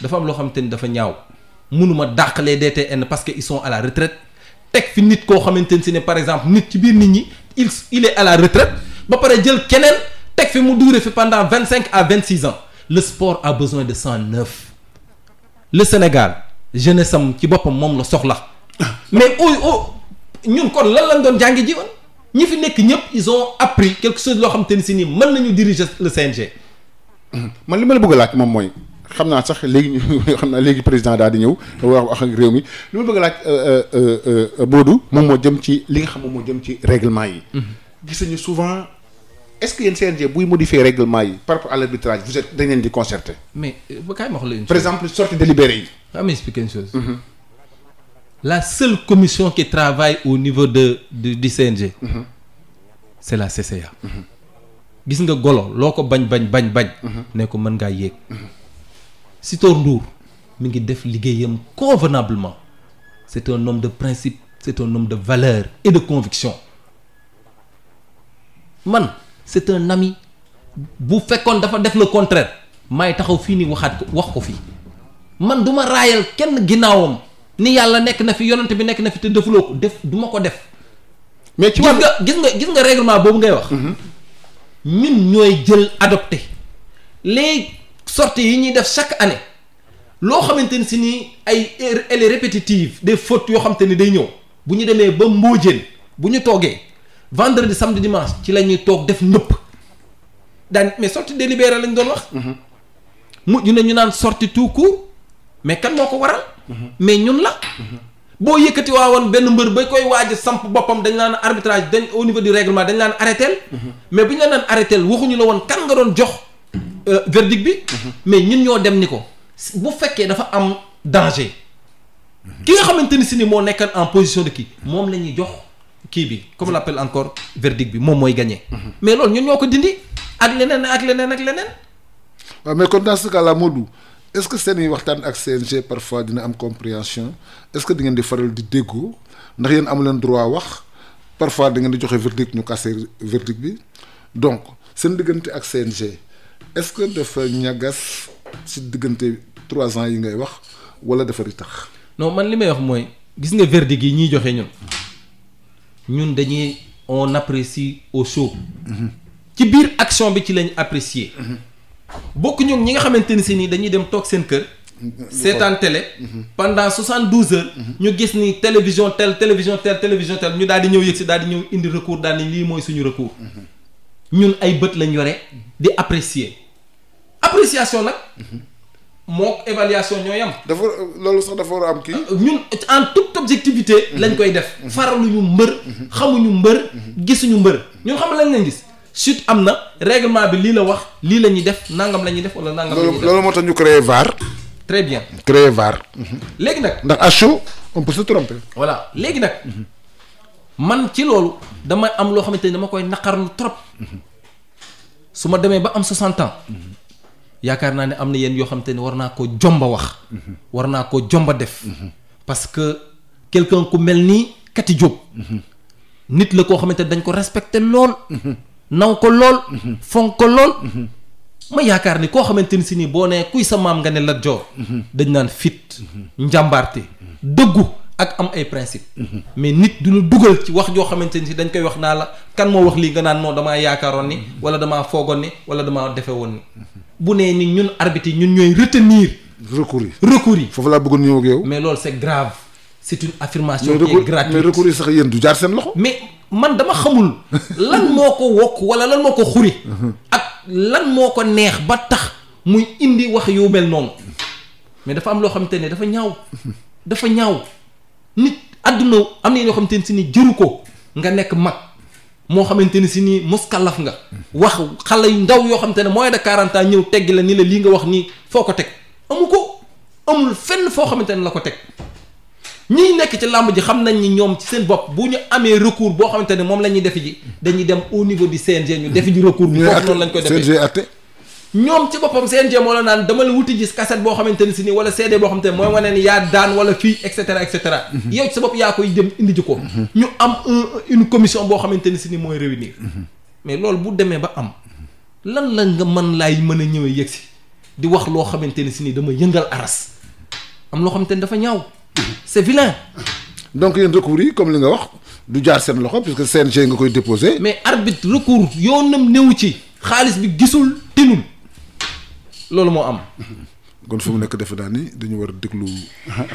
dafa am loo xamante ni dafa ñaaw mënuma dàqalee DTN parce que ils sont à la retraite. teg fi nit koo xamante ne si ne par exemple nit ci biir nit ñi il il est à la retraite ba pare jël keneen teg fi mu durer fi pendant vingt cinq à vingt six ans le sport a besoin de cent neuf le Sénégal jeunesse sam ci boppam moom la soxla. mais au au ñun kon lan lañ doon jàngi ji ñi fi nekk ñëpp ils ont appris quelque chose loo xamante ne si nii mën nañu diriger le CNG. Mm-hmm. man li ma la bëgg a laaj moom mooy. xam naa sax léegi ñu xam naa léegi président daal di ñëw wax wax ak réew mi li ma bëgg a laaj euh, euh, euh, Modou moom moo jëm ci li nga xam moom moo jëm ci réglement yi. Mhm. gis nañu souvent est-ce que yéen CNG buy modifier règlement yi par rapport à l'arbitrage vous êtes di concerter. mais ba kaay par exemple sortie délibérée yi. waaw ah, ma expliquer une mhm. la seule commission qui travaille au niveau de du du CNG. Mhm. c'est la gis nga golo loo ko bañ bañ bañ bañ. ne ko mën ngaa yéeg. Sitor Ndour mi ngi def liggéeyam convenablement c'est un homme de principe c'est un de valeur et de conviction man c'est un ami bu fekkoon dafa def le contraire maay taxaw fii nii waxaat wax ko fii man du ma raayal kenn ginnaawam ni yàlla nekk na fi yonent bi nekk na fi te defuloo ko def duma ko def. mais ci wàllu gis nga gis nga règlement boobu ngay wax. Mm-hmm. ñun ñooy jël adopté léegi. sorties yi ñuy def chaque année loo xamante ni si nii ay erreurs répétitives des fautes yoo xamante ni day ñëw bu ñu demee ba mbóojeen bu ñu toogee vendredi samedi dimanche ci la ñuy toog def ndëpp daan mais sortie délibérée lañ doon wax. Mm-hmm. mujj na ñu naan sortie tout court mais kan moo ko waral. Mm-hmm. mais ñun la. Mm-hmm. boo yëkkati waa woon benn mbër ba koy waaj a samp boppam dañ naan arbitrage dañ au niveau du règlement dañ naan arrêté mais bu ñu la naan arrêté waxuñu la woon kan nga doon jox. Euh, verdict bi. mais ñun ñoo dem ni ko bu fekkee dafa am danger. ki nga xamante ni si ni moo nekkan en position de kii moom la ñuy jox kii bi comme l' appelle encore verdict bi moom mooy gagné. mais loolu ñun ñoo ko dindi ak leneen ak leneen ak leneen. waaw mais kon dans ce cas là Modou est-ce que seen waxtaan ak CNG parfois dina am compréhension est-ce que di ngeen di faral di déggoo ndax yéen amu leen droit wax parfois da ngeen di joxe verdict ñu casser verdict bi donc seen diggante ak CNG. est-ce que dafa ñagas ci diggante trois ans yi ngay wax wala dafa tax non man li may wax mooy gis nga verdict yi ñuy joxe ñun ñun dañuy on apprécie au show mhm. ci biir action bi ci lañ apprécier mhm. bokk ñoom ñi nga xamante ni si nii dañuy dem toog seen kër mhm. seetaan télé pendant soixante douze heures ñu gis ni télévision tel télévision tel télévision ñu daal di ñëw yëg si daal di ñëw indi recours daal ni lii mooy suñu recours ñun ay bët lañu yore di apprécier appréciation nag. moo évaluation ñoo am. dafa loolu sax dafa war a am kii. ñun en toute objectivité. lañ koy def. faraluñu mbër. xamuñu mbër. gisuñu mbër ñun xam lañ lañ gis. suite am na règlement bi lii la wax lii la ñuy def nangam la ñuy def wala nangam. la def loolu moo tax ñu créé VAR. très bien créé VAR. léegi nag ndax à chaud on peut se tromper. voilà léegi nag man ci loolu damay am loo xamante ni dama koy naqarlu trop su ma demee ba am 60 yaakaar naa ne am na yenn yoo xam te ne war naa ko jomba wax war naa ko jomba def parce que quelqu'un ku mel nii Kati jóg nit la koo xamante dañ ko respecté lool naw lool fonk ko ma yaakaar ni koo xamante ni si nii boo nee kuy sa maam nga ne la Joor dañ naan fit njàmbaarte dëggu ak am ay principe mais nit du ñu dugal ci wax joo xamante ni si dañ koy wax naa la kan moo wax lii nga naan moo damaa yaakaaroon ni wala damaa foogoon ni wala damaa defe woon ni bu nee ni ñun arbitre yi ñun ñooy retenir. recours yi recours foofu laa bëgg ñëw ak yow. mais loolu c'est grave c'est une affirmation. qui est gratuite mais recours yi sax yéen du jaar seen loxo. mais man dama xamul lan moo ko wokk wala lan moo ko xuri. Mhm. ak lan moo ko neex ba tax muy indi wax yu mel noonu mais dafa am loo xamante ne dafa ñaaw dafa ñaaw nit àdduna am na yoo xamante ne si ni jëru ko nga nekk mag. moo xamante ni si nii muskallaf nga wax xale yu ndaw yoo xamante ne mooy de 40 ñëw teggi la ni la lii nga wax nii foo ko teg amu ko amul fenn foo xamante ne la ko teg ñiy nekk ci làmb ji xam nañ ñi ñoom ci seen bopp bu ñu amee recours boo xamante ne moom la ñuy def ji dañuy dem au niveau du CNG ñu def ji recours bi foofu noonu lañ koy defee ñoom ci boppam CNG moo la naan dama la wuti gis cassette boo xamante ni si nii wala CD boo xamante ne mooy wane ni yaa daan wala fii et cetera et mhm. yow ci sa bopp yaa koy jëm indi ji ko. Mhm. ñu am une commission boo xamante ni si nii mooy réunir. Mhm. mais loolu bu demee ba am lan la nga mën laay mën a ñëwee yegsi di wax loo xamante ni si nii dama yëngal aras am loo xamante ni dafa ñaw c'est vilain. donc yéen recours yi comme li nga wax du jaar seen loxo puisque CNG nga koy déposé. mais arbitre recours yoonam néew ci xaalis bi gisul tinul. loolu moo am. kon fi mu nekk defe naa ni dañu war a déglu.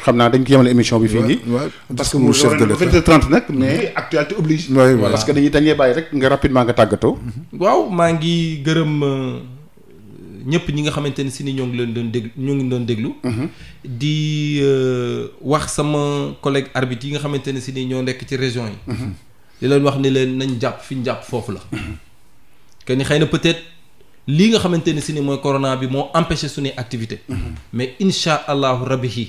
xam naa dañ ko yemale émission bi fii nii. parce que mu nag mais mm-hmm. actualité oblige. oui voilà parce que dañuy dañuy bàyyi rek nga rapidement nga tàggatoo. Mm-hmm. waaw maa ngi gërëm euh, ñëpp ñi nga xamante ne si ni ñoo ngi leen doon déglu ñoo ngi doon déglu. Mm-hmm. di euh, wax sama collègue arbitre yi nga xamante ne si ni ñoo nekk ci région yi. li leen wax ni leen nañ jàpp fi ñu jàpp foofu la. que ni na peut lii nga xamante ne si ni mooy corona bi moo empêché suñuy activité mhm. mais incha allahu rabihi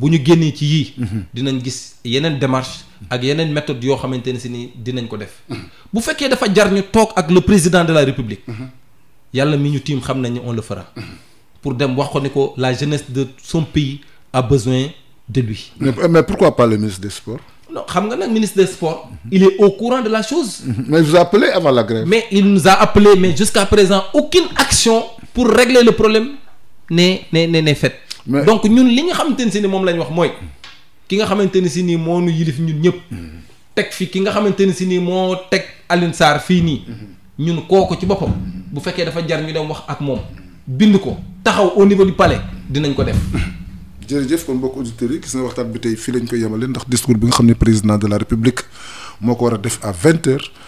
bu ñu génnee ci yii mhm. dinañ gis yeneen démarche ak yeneen méthode yoo xamante ne si ni dinañ ko def mhm. bu fekkee dafa jar ñu toog ak le président de la république yàlla mi ñu tiim xam nañ on le fera pour dem wax ko ni ko la jeunesse de son pays a besoin de lui mais pourquoi pas le ministre des non xam nga nag ministre des sports. il est au courant de la chose. Mm-hmm. mais il vous mais il nous a appelé mais jusqu'à présent aucune action pour régler le problème n'est n'est n'est faite. donc ñun li nga xamante ne si ni moom la ñu wax mooy ki nga xamante ne si nii moo nu yilif ñun ñëpp. Mm-hmm. teg fi ki nga xamante ne si nii moo teg Alioune Sarr fii nii. Mm-hmm. ñun kooko ci boppam. bu fekkee dafa jar ñu dem wax ak moom. bind ko taxaw au niveau du palais dinañ ko def. jërëjëf kon bokk auditeurs yi gis nga waxtaan bi tey fii lañ koy yemale ndax discours bi nga xam ne président de la république moo ko war a def à